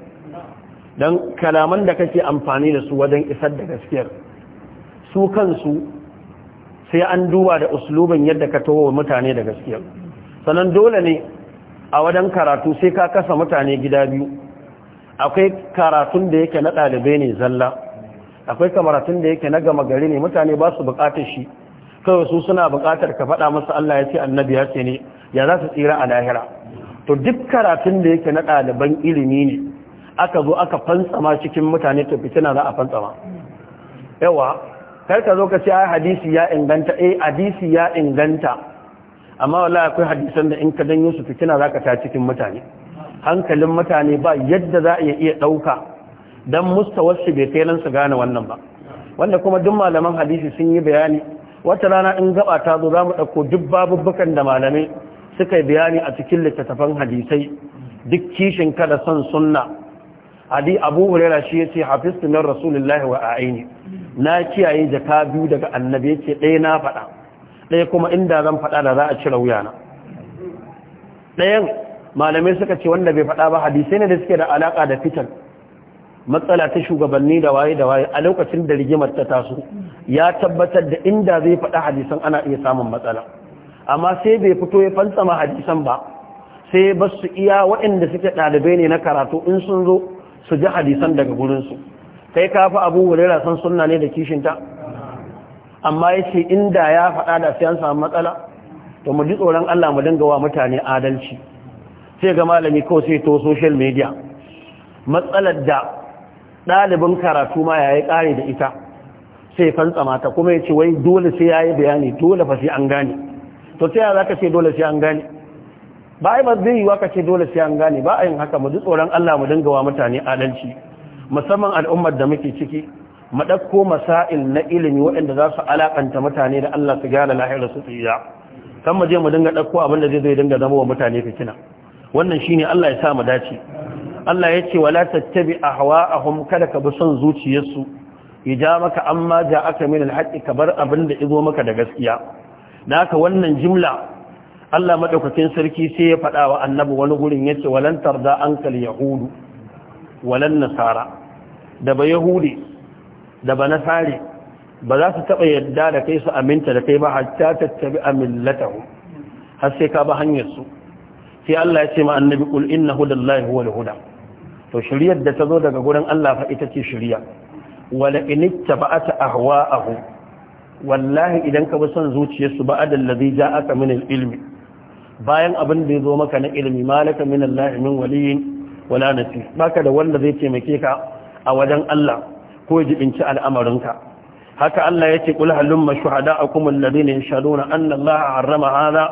don kalaman da kake amfani da su wajen isar da gaskiyar su kansu sai an duba da usluban yadda ka taho wa mutane da gaskiyar sannan dole ne a wajen karatu sai ka kasa mutane gida biyu akwai karatun da yake na ɗalibai ne zalla akwai kamaratun da yake na gama gari ne mutane ba su bukatar shi kawai su suna bukatar ka faɗa masa Allah ya ce annabi ya ce ne ya za su tsira a lahira to duk karatun da yake na ɗaliban ilimi ne aka zo aka fantsama cikin mutane to fitina za a fantsama yawa kai ka zo ka ce ai hadisi ya inganta eh hadisi ya inganta amma wallahi akwai hadisan da in ka danyo su fitina za ka ta cikin mutane hankalin mutane ba yadda za a iya ɗauka dan mustawarsu bai kai su gane wannan ba wanda kuma duk malaman hadisi sun yi bayani wata rana in gaba ta zo za mu ɗauko duk babubukan da malamai suka yi bayani a cikin littattafan hadisai duk kishin kada son sunna hadi abu huraira shi yace hafistu min rasulullahi wa aini na kiyaye jaka biyu daga annabi yace ɗaya na faɗa ɗaya kuma inda zan faɗa da za a cire wuyana ɗayan malamai suka ce wanda bai faɗa ba hadisai ne da suke da alaka da fitan matsala ta shugabanni da waye da waye a lokacin da rigimar ta taso ya tabbatar da inda zai faɗa hadisan ana iya samun matsala amma sai bai fito ya fantsama hadisan ba sai ba su iya waɗanda suke ɗalibai ne na karatu in sun zo su ji hadisan daga gurinsu kai ka fi abu wurin rasan sunna ne da kishin ta, amma ya ce inda ya faɗa da sai an samu matsala to mu ji tsoron Allah mu dinga wa mutane adalci sai ga malami ko sai to social media matsalar da ɗalibin karatu ma ya yi ƙari da ita sai fantsa mata kuma ya ce wai dole sai ya yi bayani dole fa sai an gane to sai yaya za ka ce dole sai an gane ba a yi ba yi yiwa ka ce dole sai an gane ba a yin haka mu ji tsoron Allah mu dinga wa mutane adalci musamman al'ummar da muke ciki mu ɗauko masail na ilimi waɗanda za su alaƙanta mutane da Allah su gyara lahirar su tsiya kan mu je mu dinga ɗauko abin da zai zai dinga zama wa mutane fitina wannan shine Allah ya sa mu dace Allah ya ce wala tattabi ahwa'ahum kada ka bi son zuciyarsu ja maka amma ja aka min alhaqi ka bar abin da izo maka da gaskiya da haka wannan jimla Allah madaukakin sarki sai ya faɗa wa annabi wani gurin yace walan tarda ankal yahudu walan nasara da ba yahudi da ba nasari ba za su taɓa yadda da kai su aminta da kai ba hatta tattabi a millatahu har sai ka ba hanyarsu sai Allah ya ce ma annabi kul inna hudallahi huwa huda to shiryar da ta zo daga gurin Allah fa ita ce shirya wala initta ba'ata ahwa'ahu wallahi idan ka bi son zuciyarsu ba'adal ladhi ja'aka min ilmi bayan abin da ya zo maka na ilimi malaka min Allah min waliyin wala nasi baka da wanda zai taimake ka a wajen Allah ko jibinci al'amarinka haka Allah yace qul halumma shuhada'akum alladhina yashhaduna anna Allah harrama hadha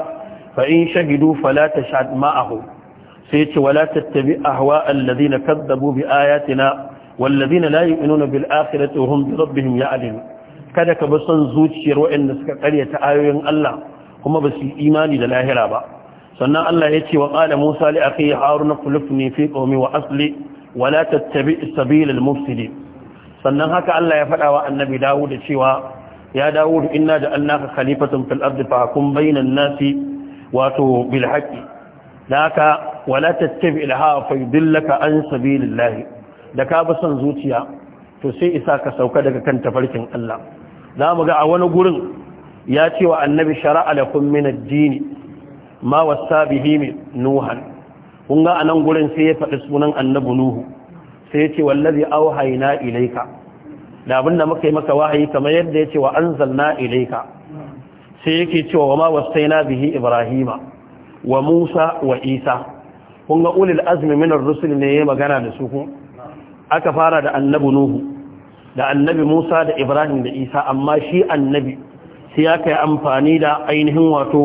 fa in shahidu fala tashhad ma'ahum sai ce wala tattabi ahwa alladhina kadzabu bi ayatina wallazina la yu'minuna bil akhirati wa hum bi rabbihim ya'lamun kada ka bi son zuciyar waɗanda suka karyata ayoyin Allah kuma ba su imani da lahira ba sannan Allah ya ce wa qala Musa li akhi Harun khulifni fi qawmi wa asli wala tattabi sabilal al mufsidin sannan haka Allah ya faɗa wa annabi Dawud cewa ya Dawud inna ja'alnaka khalifatan fil ardi fahkum bainan nasi wato bil haqqi da haka wala tattabi ilha fa yudillaka an sabilillah da ka son zuciya to sai isa ka sauka daga kan tafarkin Allah za mu ga a wani gurin ya ce wa annabi shara lakum min ad-din ma wasa bihi nuhan kun ga anan gurin sai ya faɗi sunan annabi nuhu sai ya ce wallazi auhayna ilayka da abinda muka yi maka wahayi kamar yadda ya ce wa anzalna ilayka sai yake cewa wa ma wasaina bihi ibrahima wa musa wa isa kun ga ulil azmi minar rusul ne ya magana da su aka fara da annabi nuhu da annabi musa da ibrahim da isa amma shi annabi sai ya kai amfani da ainihin wato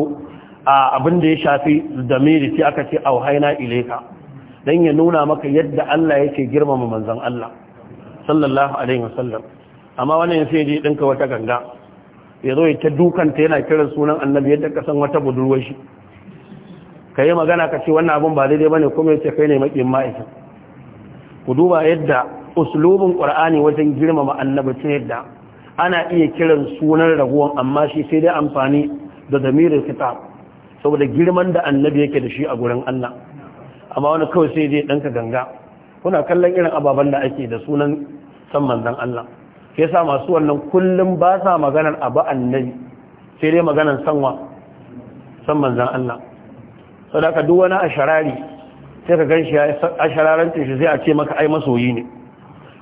a abin da ya shafi damiri sai aka ce auhaina ileka Dan ya nuna maka yadda Allah yake girmama manzan Allah sallallahu alaihi wasallam amma wannan ya sai dinka wata ganga ya zo ya ta dukanta yana kiran sunan annabi yadda ka san wata budurwar shi ka yi magana ka ce wannan abin ba daidai ba ne kuma yace kai ne makin ma'aikin ku duba yadda uslubin ƙwar'ani wajen girmama annabi ta yadda ana iya kiran sunan raguwan amma shi sai dai amfani da damirin kitab saboda girman da annabi yake da shi a gurin Allah amma wani kawai sai dai ɗanka ganga kuna kallon irin ababen da ake da sunan san manzon Allah ke sa masu wannan kullum ba sa maganar abu annabi sai dai maganar sanwa san manzon Allah sadaka duk wani asharari sai ka ganshi ya ashararancin shi sai a ce maka ai masoyi ne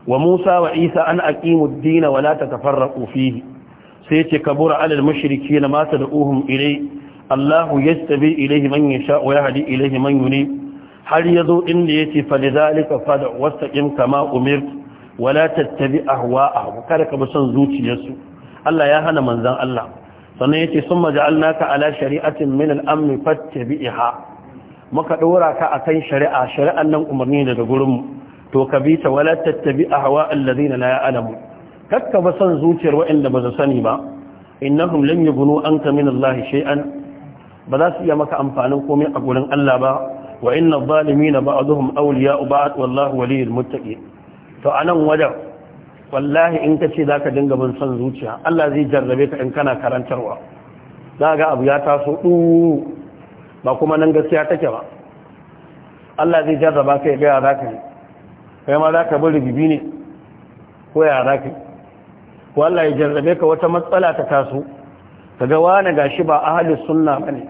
wa Musa wa Isa an aqimu ad-din wa la tatafarraqu fihi sai ce kabura alal mushrikeena ma tad'uhum ilay Allah yastabi ilayhi man yasha wa yahdi ilayhi man yunib har yazo inda yace falidhalika fad wastaqim kama umir wa la tattabi ahwa'ahum kada ka fi son zuciyarsu Allah ya hana manzon Allah sannan yace summa ja'alnaka ala shari'atin min al-amri fattabi'ha Maka ɗora ka akan shari'a shari'an nan umarni daga gurin mu to ka bi ta wala a hawa na la alamu. kakka ba san zuciyar waɗanda ba su sani ba innahum lam yughnu anka min Allah shay'an ba za su iya maka amfanin komai a gurin Allah ba wa inna adh-dhalimina ba'dhum awliya'u ba'd wallahu waliyyul muttaqin to anan wajen wallahi in ka ce za ka dinga bin son zuciya Allah zai jarrabe ka in kana karantarwa za ga abu ya taso ɗuwu ba kuma nan gaskiya take ba Allah zai jarraba ka ya yara ka yi kai ma za ka bi rububi ne ko yara ka yi ko Allah ya jarrabe ka wata matsala ta taso ka ga wani gashi ba ahalus sunna ba ne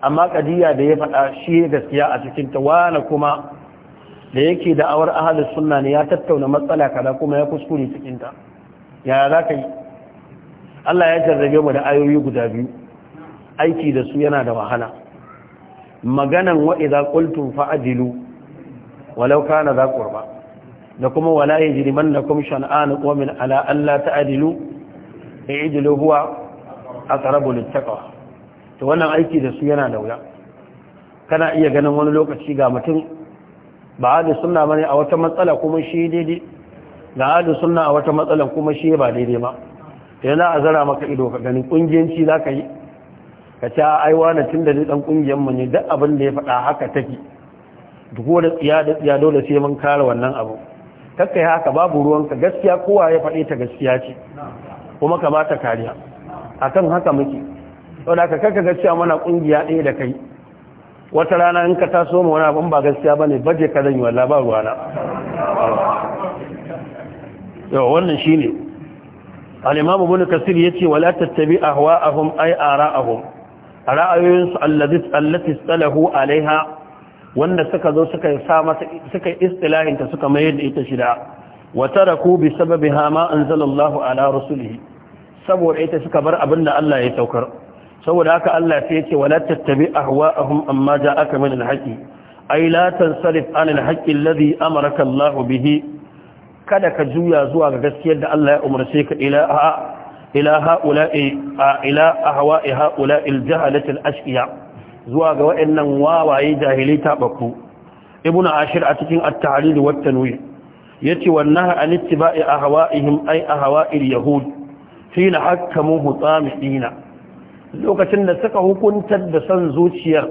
amma kadiya da ya faɗa shi gaskiya a cikin ta wani kuma da yake da'awar ahalus sunna ne ya tattauna matsala kada kuma ya kuskure cikin ta ya za ka yi Allah ya jarrabe mu da ayoyi guda biyu aiki da su yana da wahala maganan wa idza qultum fa'dilu walau kana za qurba da kuma wala yajrimannakum shan'an qawmin ala alla ta'dilu i'dilu huwa aqrabu lit-taqwa to wannan aiki da su yana da wuya kana iya ganin wani lokaci ga mutum ba ahli sunna bane a wata matsala kuma shi daidai ga ahli sunna a wata matsala kuma shi ba daidai ba yana azara maka ido ka ganin kungiyanci zaka yi ka ta aiwa na tun da ni dan kungiyan mu ne duk abin da ya faɗa haka take duk wanda tsiya da tsiya dole sai mun kare wannan abu kakkai haka babu ruwanka gaskiya kowa ya faɗe ta gaskiya ce kuma kamata kariya. kariya akan haka muke saboda ka kaka gaskiya mana kungiya ɗaya da kai wata rana in ka taso ma wani abin ba gaskiya ba ne baje ka zanyi walla ba ruwana yau wannan shi ne al'imamu bin kasir ya ce wala tattabi a hawa ahun ai a ra'ahun a ra'ayoyinsu allatis tsalahu alaiha wanda suka zo suka yi suka istilahinta suka mayar da ita shida wata raku bi sababi hama an zalallahu ala rasulihi saboda ita suka bar abin da Allah ya saukar saboda haka Allah sai yake wala tattabi ahwa'ahum amma ja'aka min al-haqi ay la tansarif an al-haqi alladhi amaraka Allah bihi kada ka juya zuwa ga gaskiyar da Allah ya umarce ka ila ila ha'ula'i ila ahwa'i ha'ula'i al-jahalati al-ashqiya zuwa ga waɗannan wawaye jahili tabakku ibnu ashir a cikin at-tahrir wa at-tanwir yace wannan an ittiba'i ahwa'ihim ay ahwa'il yahud hina hakamu hutamina lokacin da suka hukuntar da son zuciyar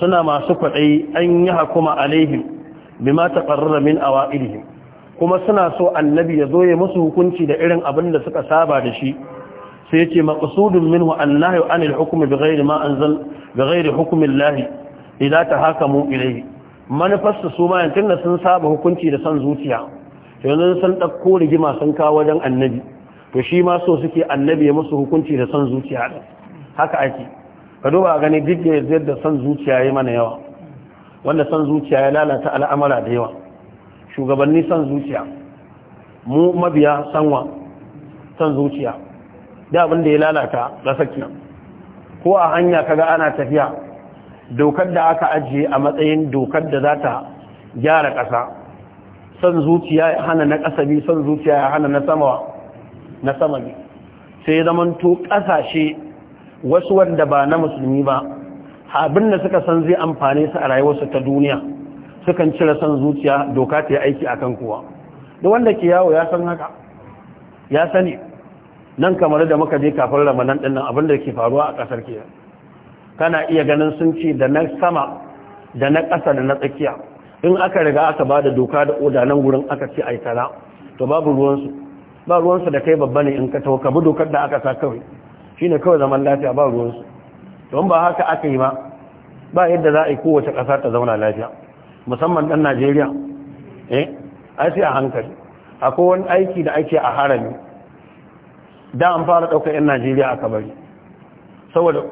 suna masu kwaɗayi an yi hakuma alaihim bima taqarrara min awailihim kuma suna so annabi ya zo ya musu hukunci da irin abin da suka saba da shi sai yace maqsudun minhu annahi anil hukm bighayri ma anzal bighayri hukmi Allah idza tahakamu ilayhi manufarsu su ma yankin da sun saba hukunci da san zuciya to yanzu sun ɗauko rigima sun kawo wajen annabi to shi ma so suke annabi ya musu hukunci da son zuciya haka ake ka duba a gani duk yadda son zuciya ya mana yawa wanda son zuciya ya lalata al'amara da yawa shugabanni son zuciya mu mabiya sanwa son zuciya da abin da ya lalata ƙasar nan ko a hanya kaga ana tafiya dokar da aka ajiye a matsayin dokar da za ta gyara ƙasa son zuciya ya hana na bi son zuciya ya hana na sama na sai zaman to ƙasashe wasu wanda ba na musulmi ba abin da suka san zai amfane su a rayuwarsu ta duniya sukan cire son zuciya doka ta yi aiki akan kowa da wanda ke yawo ya san haka ya sani nan kamar da muka je kafin ramadan din nan abin da ke faruwa a kasar ke kana iya ganin sun ce da na sama da na ƙasa da na tsakiya in aka riga aka ba da doka da oda nan gurin aka ce ai tara to babu ruwansu ba ruwansu da kai babba ne in ka tawo bi dokar da aka sa kawai Shi ne kawai zaman lafiya ba ruwansu don ba haka aka yi ba ba yadda za a yi kowace ƙasa ta zauna lafiya musamman ɗan najeriya eh ai sai a hankali akwai wani aiki da ake a harami da an fara ɗaukar 'yan najeriya a kabari saboda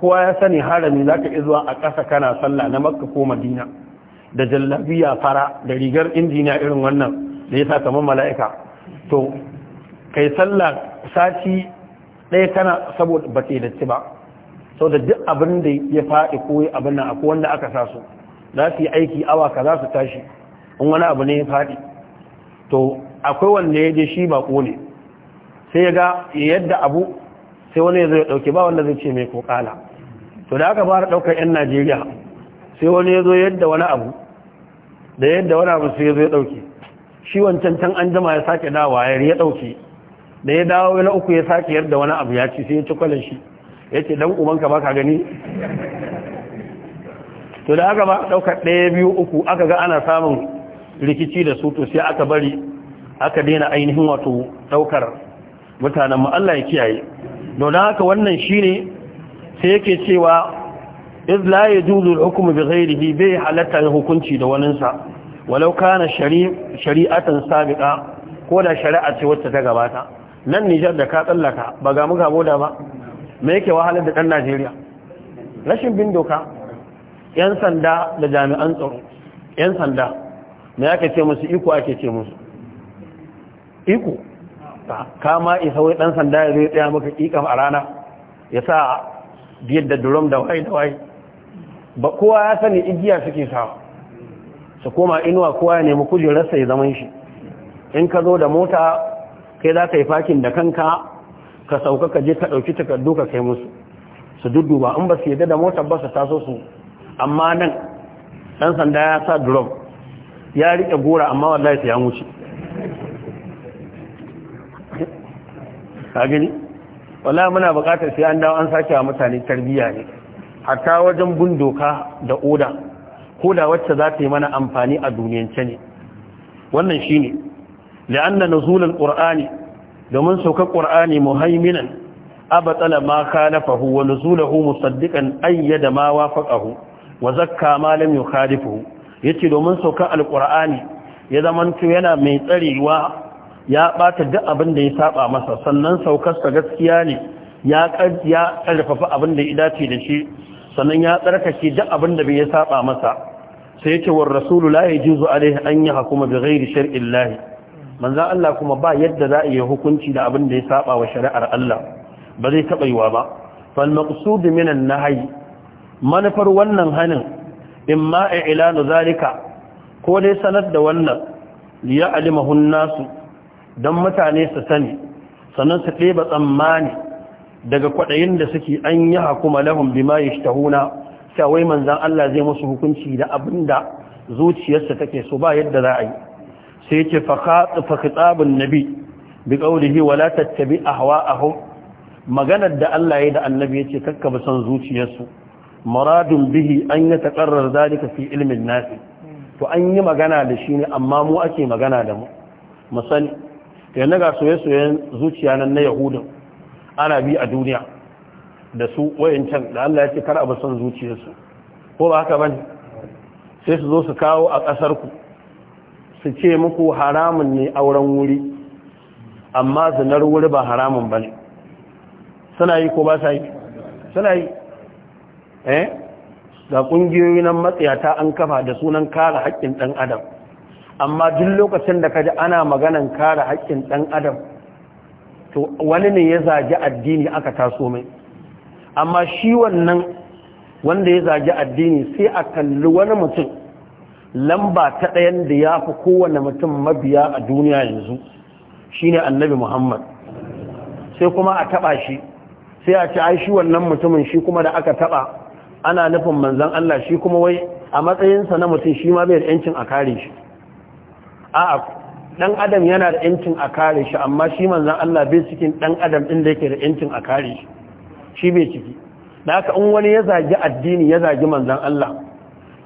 kowa ya sani harami za ka a ƙasa kana sallah na makka ko madina da jallabiya fara da rigar injiniya irin wannan da ya sa kamar mala'ika to kai sallah sati ɗaya kana saboda ba ta datti ba sau da duk abin da ya faɗi ko abin nan akwai wanda aka sa su za su yi aiki awa ka za su tashi in wani abu ne ya faɗi to akwai wanda ya je shi ba ne sai ya ga yadda abu sai wani ya zo ya ɗauke ba wanda zai ce mai kokala to da aka fara ɗaukar 'yan najeriya sai wani ya zo yadda wani abu da yadda wani abu sai ya zo ya ɗauke shi wancan can an jama ya sake dawa ya ya ɗauke da ya dawo na uku ya sake yarda wani abu ya ci sai ya ci kwalan shi ya ce dan ubanka ba ka gani to da aka ba ɗaukar ɗaya biyu uku aka ga ana samun rikici da su to sai aka bari aka daina ainihin wato ɗaukar mutanen Allah ya kiyaye don haka wannan shi ne sai yake cewa iz la yajuzu al-hukm bi ghayrihi bai halatta hukunci da waninsa walau kana shari'atan sabiqa ko da shari'a ce wacce ta gabata nan nijar da ka tsallaka ba ga muka boda ba me yake wahalar da ɗan najeriya rashin bin doka yan sanda da jami'an tsaro yan sanda me ake ce musu iko ake ce musu iko kama isa wai ɗan sanda ya zai tsaya maka ƙiƙa a rana ya sa biyar da durom da waye da waye ba kowa ya sani igiya suke sawa su koma inuwa kowa ya nemi kujerarsa ya zaman shi in ka zo da mota kai za ka yi fakin da kanka ka sauka ka je ka ɗauki takardu ka kai musu su dudduba in ba su yadda da motar ba su taso su amma nan ɗan sanda ya sa drum ya riƙe gora amma wallahi su ya wuce ka wallahi muna buƙatar sai an dawo an sake wa mutane tarbiyya ne hatta wajen bin doka da oda ko da wacce za ta yi mana amfani a duniyance ne wannan shi ne. li'anna nuzulul Kur'ani domin saukar Kur'ani muhaiminan abatala ma khalafahu wa nuzulahu musaddiqan ayyada ma wafaqahu wa zakka ma lam yukhalifuhu yace domin saukar Alkur'ani ya zamanto yana mai tsarewa ya bata duk abin ya saba masa sannan saukar sa gaskiya ne ya ya karfafa abin da da shi sannan ya tsarkake duk abin da bai ya saɓa masa sai yake war rasulu ya yajuzu alaihi an yahkuma bi ghairi shar'i manzan Allah kuma ba yadda za a yi hukunci da abin da ya saba wa shari'ar Allah ba zai taɓa yiwa ba فالمقصود na النهي manufar wannan hanin imma i'lanu zalika ko dai sanar da wannan ya ya'limahu an-nasu dan mutane su sani sannan su ɗeba tsammani daga kwaɗayin da suke an yi lahun lahum bima yashtahuna sai wai manzan Allah zai musu hukunci da da zuciyarsa take so ba yadda za a yi sai ce fa khitabun nabi bi qawlihi wala tattabi ahwa'ahum maganar da Allah ya da annabi yace kakka ba san zuciyarsu maradun bihi an yataqarrar zalika fi ilmin nas to an yi magana da shi ne amma mu ake magana da mu musali yanzu ga soyayen zuciya nan na yahudan ana bi a duniya da su wayancan da Allah ya ce kar a ba san zuciyarsu ko ba haka bane sai su zo su kawo a kasar ku su ce muku haramun ne auren wuri amma zinar wuri ba haramun ba ne suna yi ko ba sa yi suna yi eh ga ƙungiyoyi nan matsayata an kafa da sunan kare haƙƙin ɗan adam amma duk lokacin da ka kaji ana maganan kare haƙƙin ɗan adam to wani ne ya zagi addini aka taso mai amma shi wannan wanda ya zagi addini sai a kalli wani mutum lamba ta ɗayan da ya fi kowane mutum mabiya a duniya yanzu shine annabi muhammad sai kuma a taɓa shi sai a ci ai wannan mutumin shi kuma da aka taɓa ana nufin manzan Allah shi kuma wai a matsayinsa na mutum shi ma bai da ‘yancin a kare shi a ɗan adam yana da ‘yancin a kare shi amma shi manzan Allah bai cikin ɗan adam ɗin da yake da ‘yancin a kare shi shi bai ciki da haka in wani ya zagi addini ya zagi manzan Allah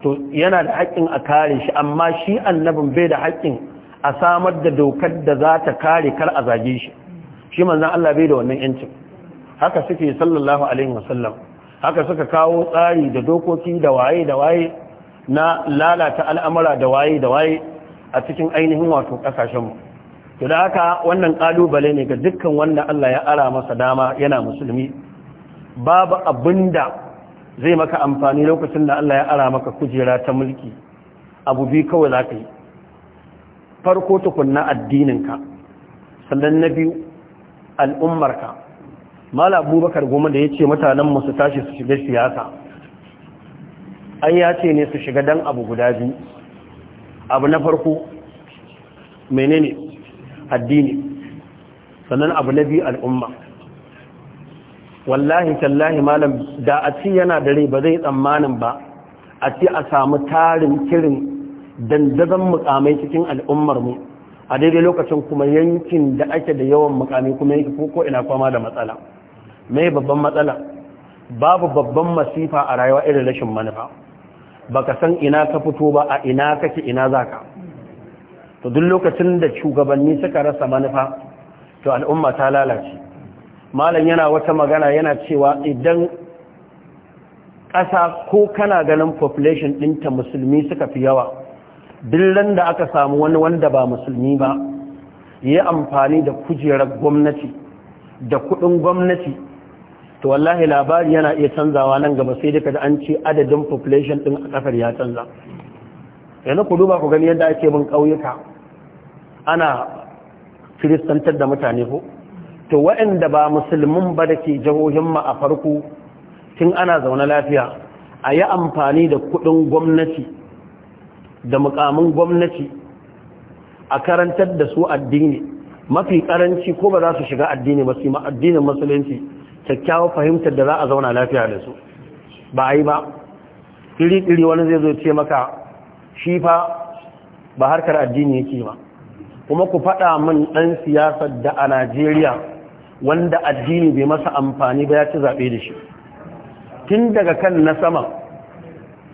to yana da haƙƙin a kare shi amma shi annabin bai da haƙƙin a samar da dokar da za ta kare kar a zage shi shi manzan Allah bai da wannan yancin haka suke sallallahu alaihi wasallam haka suka kawo tsari da dokoki da waye da waye na lalata al'amura da waye da waye a cikin ainihin wato kasashenmu to da haka wannan kalubale ne ga dukkan wanda Allah ya ara masa dama yana musulmi babu abinda zai maka amfani lokacin da Allah ya ara maka kujera ta mulki abu bi kawai za ka yi farko tukunna addininka sannan na biyu al'ummarka mala abubakar goma da ya ce mutanenmu su tashi su shiga siyasa an ya ce ne su shiga dan abu guda biyu abu na farko menene addini sannan abu na biyu al'umma wallahi tallahi malam da a ci yana da rai ba zai tsammanin ba a ci a samu tarin kirin dandazan mukamai cikin al'ummar mu a daidai lokacin kuma yankin da ake da yawan mukamai kuma yake ko ina kwama da matsala mai babban matsala babu babban masifa a rayuwa irin rashin manufa baka san ina ka fito ba a ina kake ina zaka to duk lokacin da shugabanni suka rasa manufa to al'umma ta lalace malam yana wata magana yana cewa idan ƙasa ko kana ganin population ɗinta musulmi suka fi yawa billan da aka samu wani wanda ba musulmi ba ya amfani da kujerar gwamnati da kuɗin gwamnati to wallahi labari yana iya canzawa nan gaba sai duka da an ce adadin population ɗin a ƙasar ya canza yana ku duba ku gani yadda ake bin ƙauyuka ana kiristantar da mutane ko to waɗanda ba musulmin ba da ke jihohin ma a farko tun ana zaune lafiya a yi amfani da kuɗin gwamnati da mukamin gwamnati a karantar da su addini mafi karanci ko ba za su shiga addini ba su addinin musulunci kyakkyawar fahimtar da za a zauna lafiya da su ba a yi ba iri-iri wani zai zo ce maka shi fa ba harkar addini yake ba kuma ku faɗa min ɗan siyasar da a najeriya wanda addini bai masa amfani ba ya ci zaɓe da shi tun daga kan na sama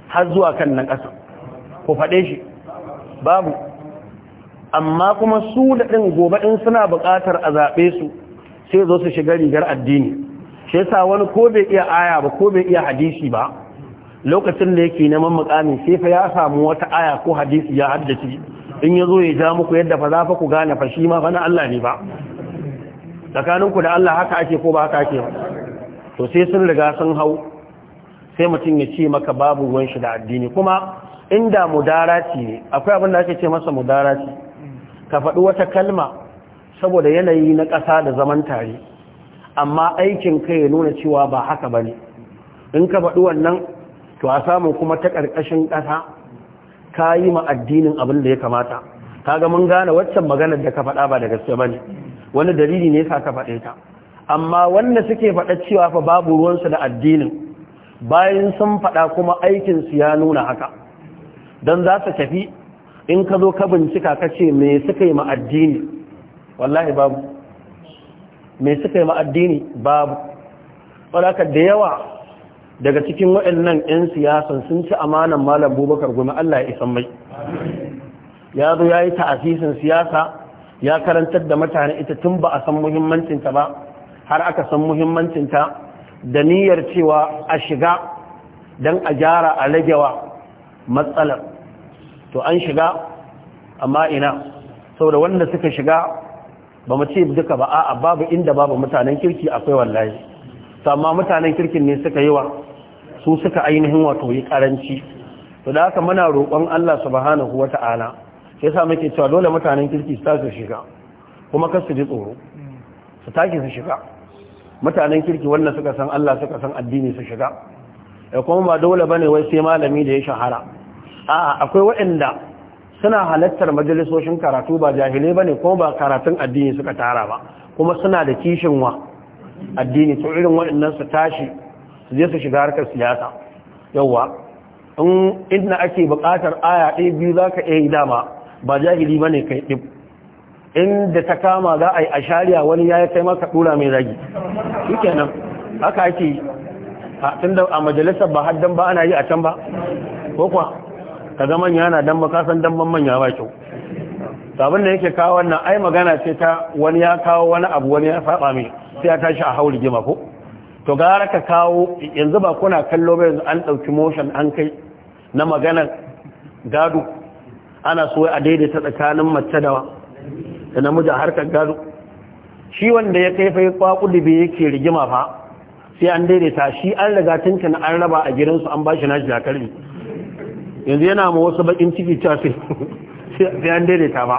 har zuwa kan na ƙasa ku faɗe shi babu amma kuma su da ɗin gobe ɗin suna buƙatar a zaɓe su sai zo su shiga rigar addini shi yasa wani ko bai iya aya ba ko bai iya hadisi ba lokacin da yake neman mukamin sai fa ya samu wata aya ko hadisi ya haddace in ya zo ya ja muku yadda fa za fa ku gane fa shi ma fa na Allah ne ba tsakaninku da Allah haka ake ko ba haka ake to sai sun riga sun hau sai mutum ya ce maka babu ruwan shi da addini kuma inda mudarati ne akwai abin da ake ce masa mudarati ka faɗi wata kalma saboda yanayi na ƙasa da zaman tare amma aikin ka ya nuna cewa ba haka ba ne in ka faɗi wannan to a samu kuma ta ƙarƙashin ƙasa ka yi ma addinin abin da ya kamata Ka ga mun gane waccan maganar da ka faɗa ba da gaske ba ne wani dalili ne sa ka faɗe ta amma wanda suke faɗa cewa fa babu ruwansu da addinin bayan sun faɗa kuma aikin su ya nuna haka don za su tafi in ka zo ka bincika ka ce me suka yi ma addini wallahi babu me suka yi ma addini babu wadaka da yawa daga cikin waɗannan 'yan siyasan sun ci amanan malam bubakar gumi Allah ya isan mai ya zo ya yi ta'asisin siyasa ya karantar da mutane ita tun ba a san muhimmancinta ba har aka san muhimmancinta da niyyar cewa a shiga don a gyara a ragewa matsalar to an shiga amma ina saboda wanda suka shiga ba ce duka ba a babu inda babu mutanen kirki akwai wallahi amma mutanen kirkin ne suka yi wa su suka ainihin wato yi karanci to da haka muna roƙon Allah subhanahu wata'ala sai sa muke cewa dole mutanen kirki su tashi shiga kuma kar su ji tsoro su tashi su shiga mutanen kirki wannan suka san Allah suka san addini su shiga e kuma ba dole bane wai sai malami da ya shahara a akwai waɗanda suna halattar majalisoshin karatu ba jahilai bane kuma ba karatun addini suka tara ba kuma suna da kishin wa addini to irin waɗannan su tashi su je su shiga harkar siyasa yawwa in inda ake buƙatar aya ɗaya biyu za ka iya yi dama ba jahili ba ne kai ɗin inda ta kama za a yi a shari'a wani ya yi kai maka ɗura mai zagi suke kenan haka ake tun da a majalisar ba haddan ba ana yi a can ba ko kuwa ka zama manya na dan makasan dan manya ba kyau sabon da yake kawo wannan ai magana ce ta wani ya kawo wani abu wani ya saba mai sai ya tashi a hau gima ko to gara ka kawo yanzu ba kuna kallo ba yanzu an ɗauki motion an kai na maganar gado ana so a daidaita tsakanin mace da da namiji harkar gado shi wanda ya kai fa bai yake rigima fa sai an daidaita shi an riga tuntun an raba a gidansu an bashi nashi da karbi yanzu yana ma wasu bakin ciki cewa sai an daidaita ba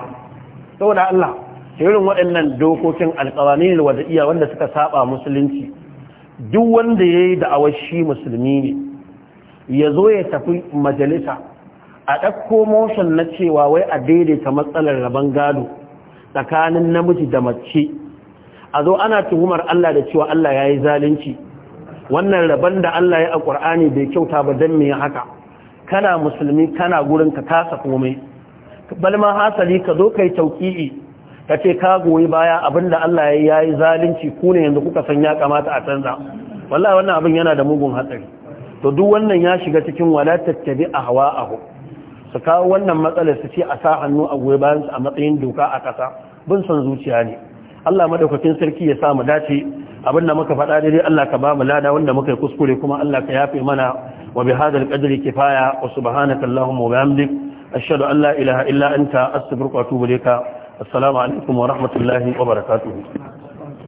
saboda Allah irin waɗannan dokokin alƙawanin wadaiya wanda suka saba musulunci duk wanda yayi yi da'awar shi musulmi ne ya zo ya tafi majalisa a ɗakko motion na cewa wai a daidaita matsalar rabon gado tsakanin namiji da mace a zo ana tuhumar Allah da cewa Allah ya yi zalunci wannan rabon da Allah ya yi a ƙwar'ani bai kyauta ba don mai haka kana musulmi kana gurin ka kasa komai balma hasali ka zo ka yi tauki'i ka ce ka goyi baya abinda Allah ya yi zalunci ku ne yanzu kuka san ya kamata a canza wallahi wannan abin yana da mugun hatsari to duk wannan ya shiga cikin wala tattabi ahwa'ahu su kawo wannan matsalar su ce a sa hannu a gobe bayan a matsayin doka a ƙasa bin son zuciya ne Allah madaukakin sarki ya sa mu dace abin da muka faɗa dai Allah ka ba mu lada wanda muka yi kuskure kuma Allah ka yafe mana wa bi hadal qadri kifaya wa subhanaka allahumma wa bihamdik ashhadu an la ilaha illa anta astaghfiruka wa atubu ilaika assalamu alaikum wa rahmatullahi wa barakatuh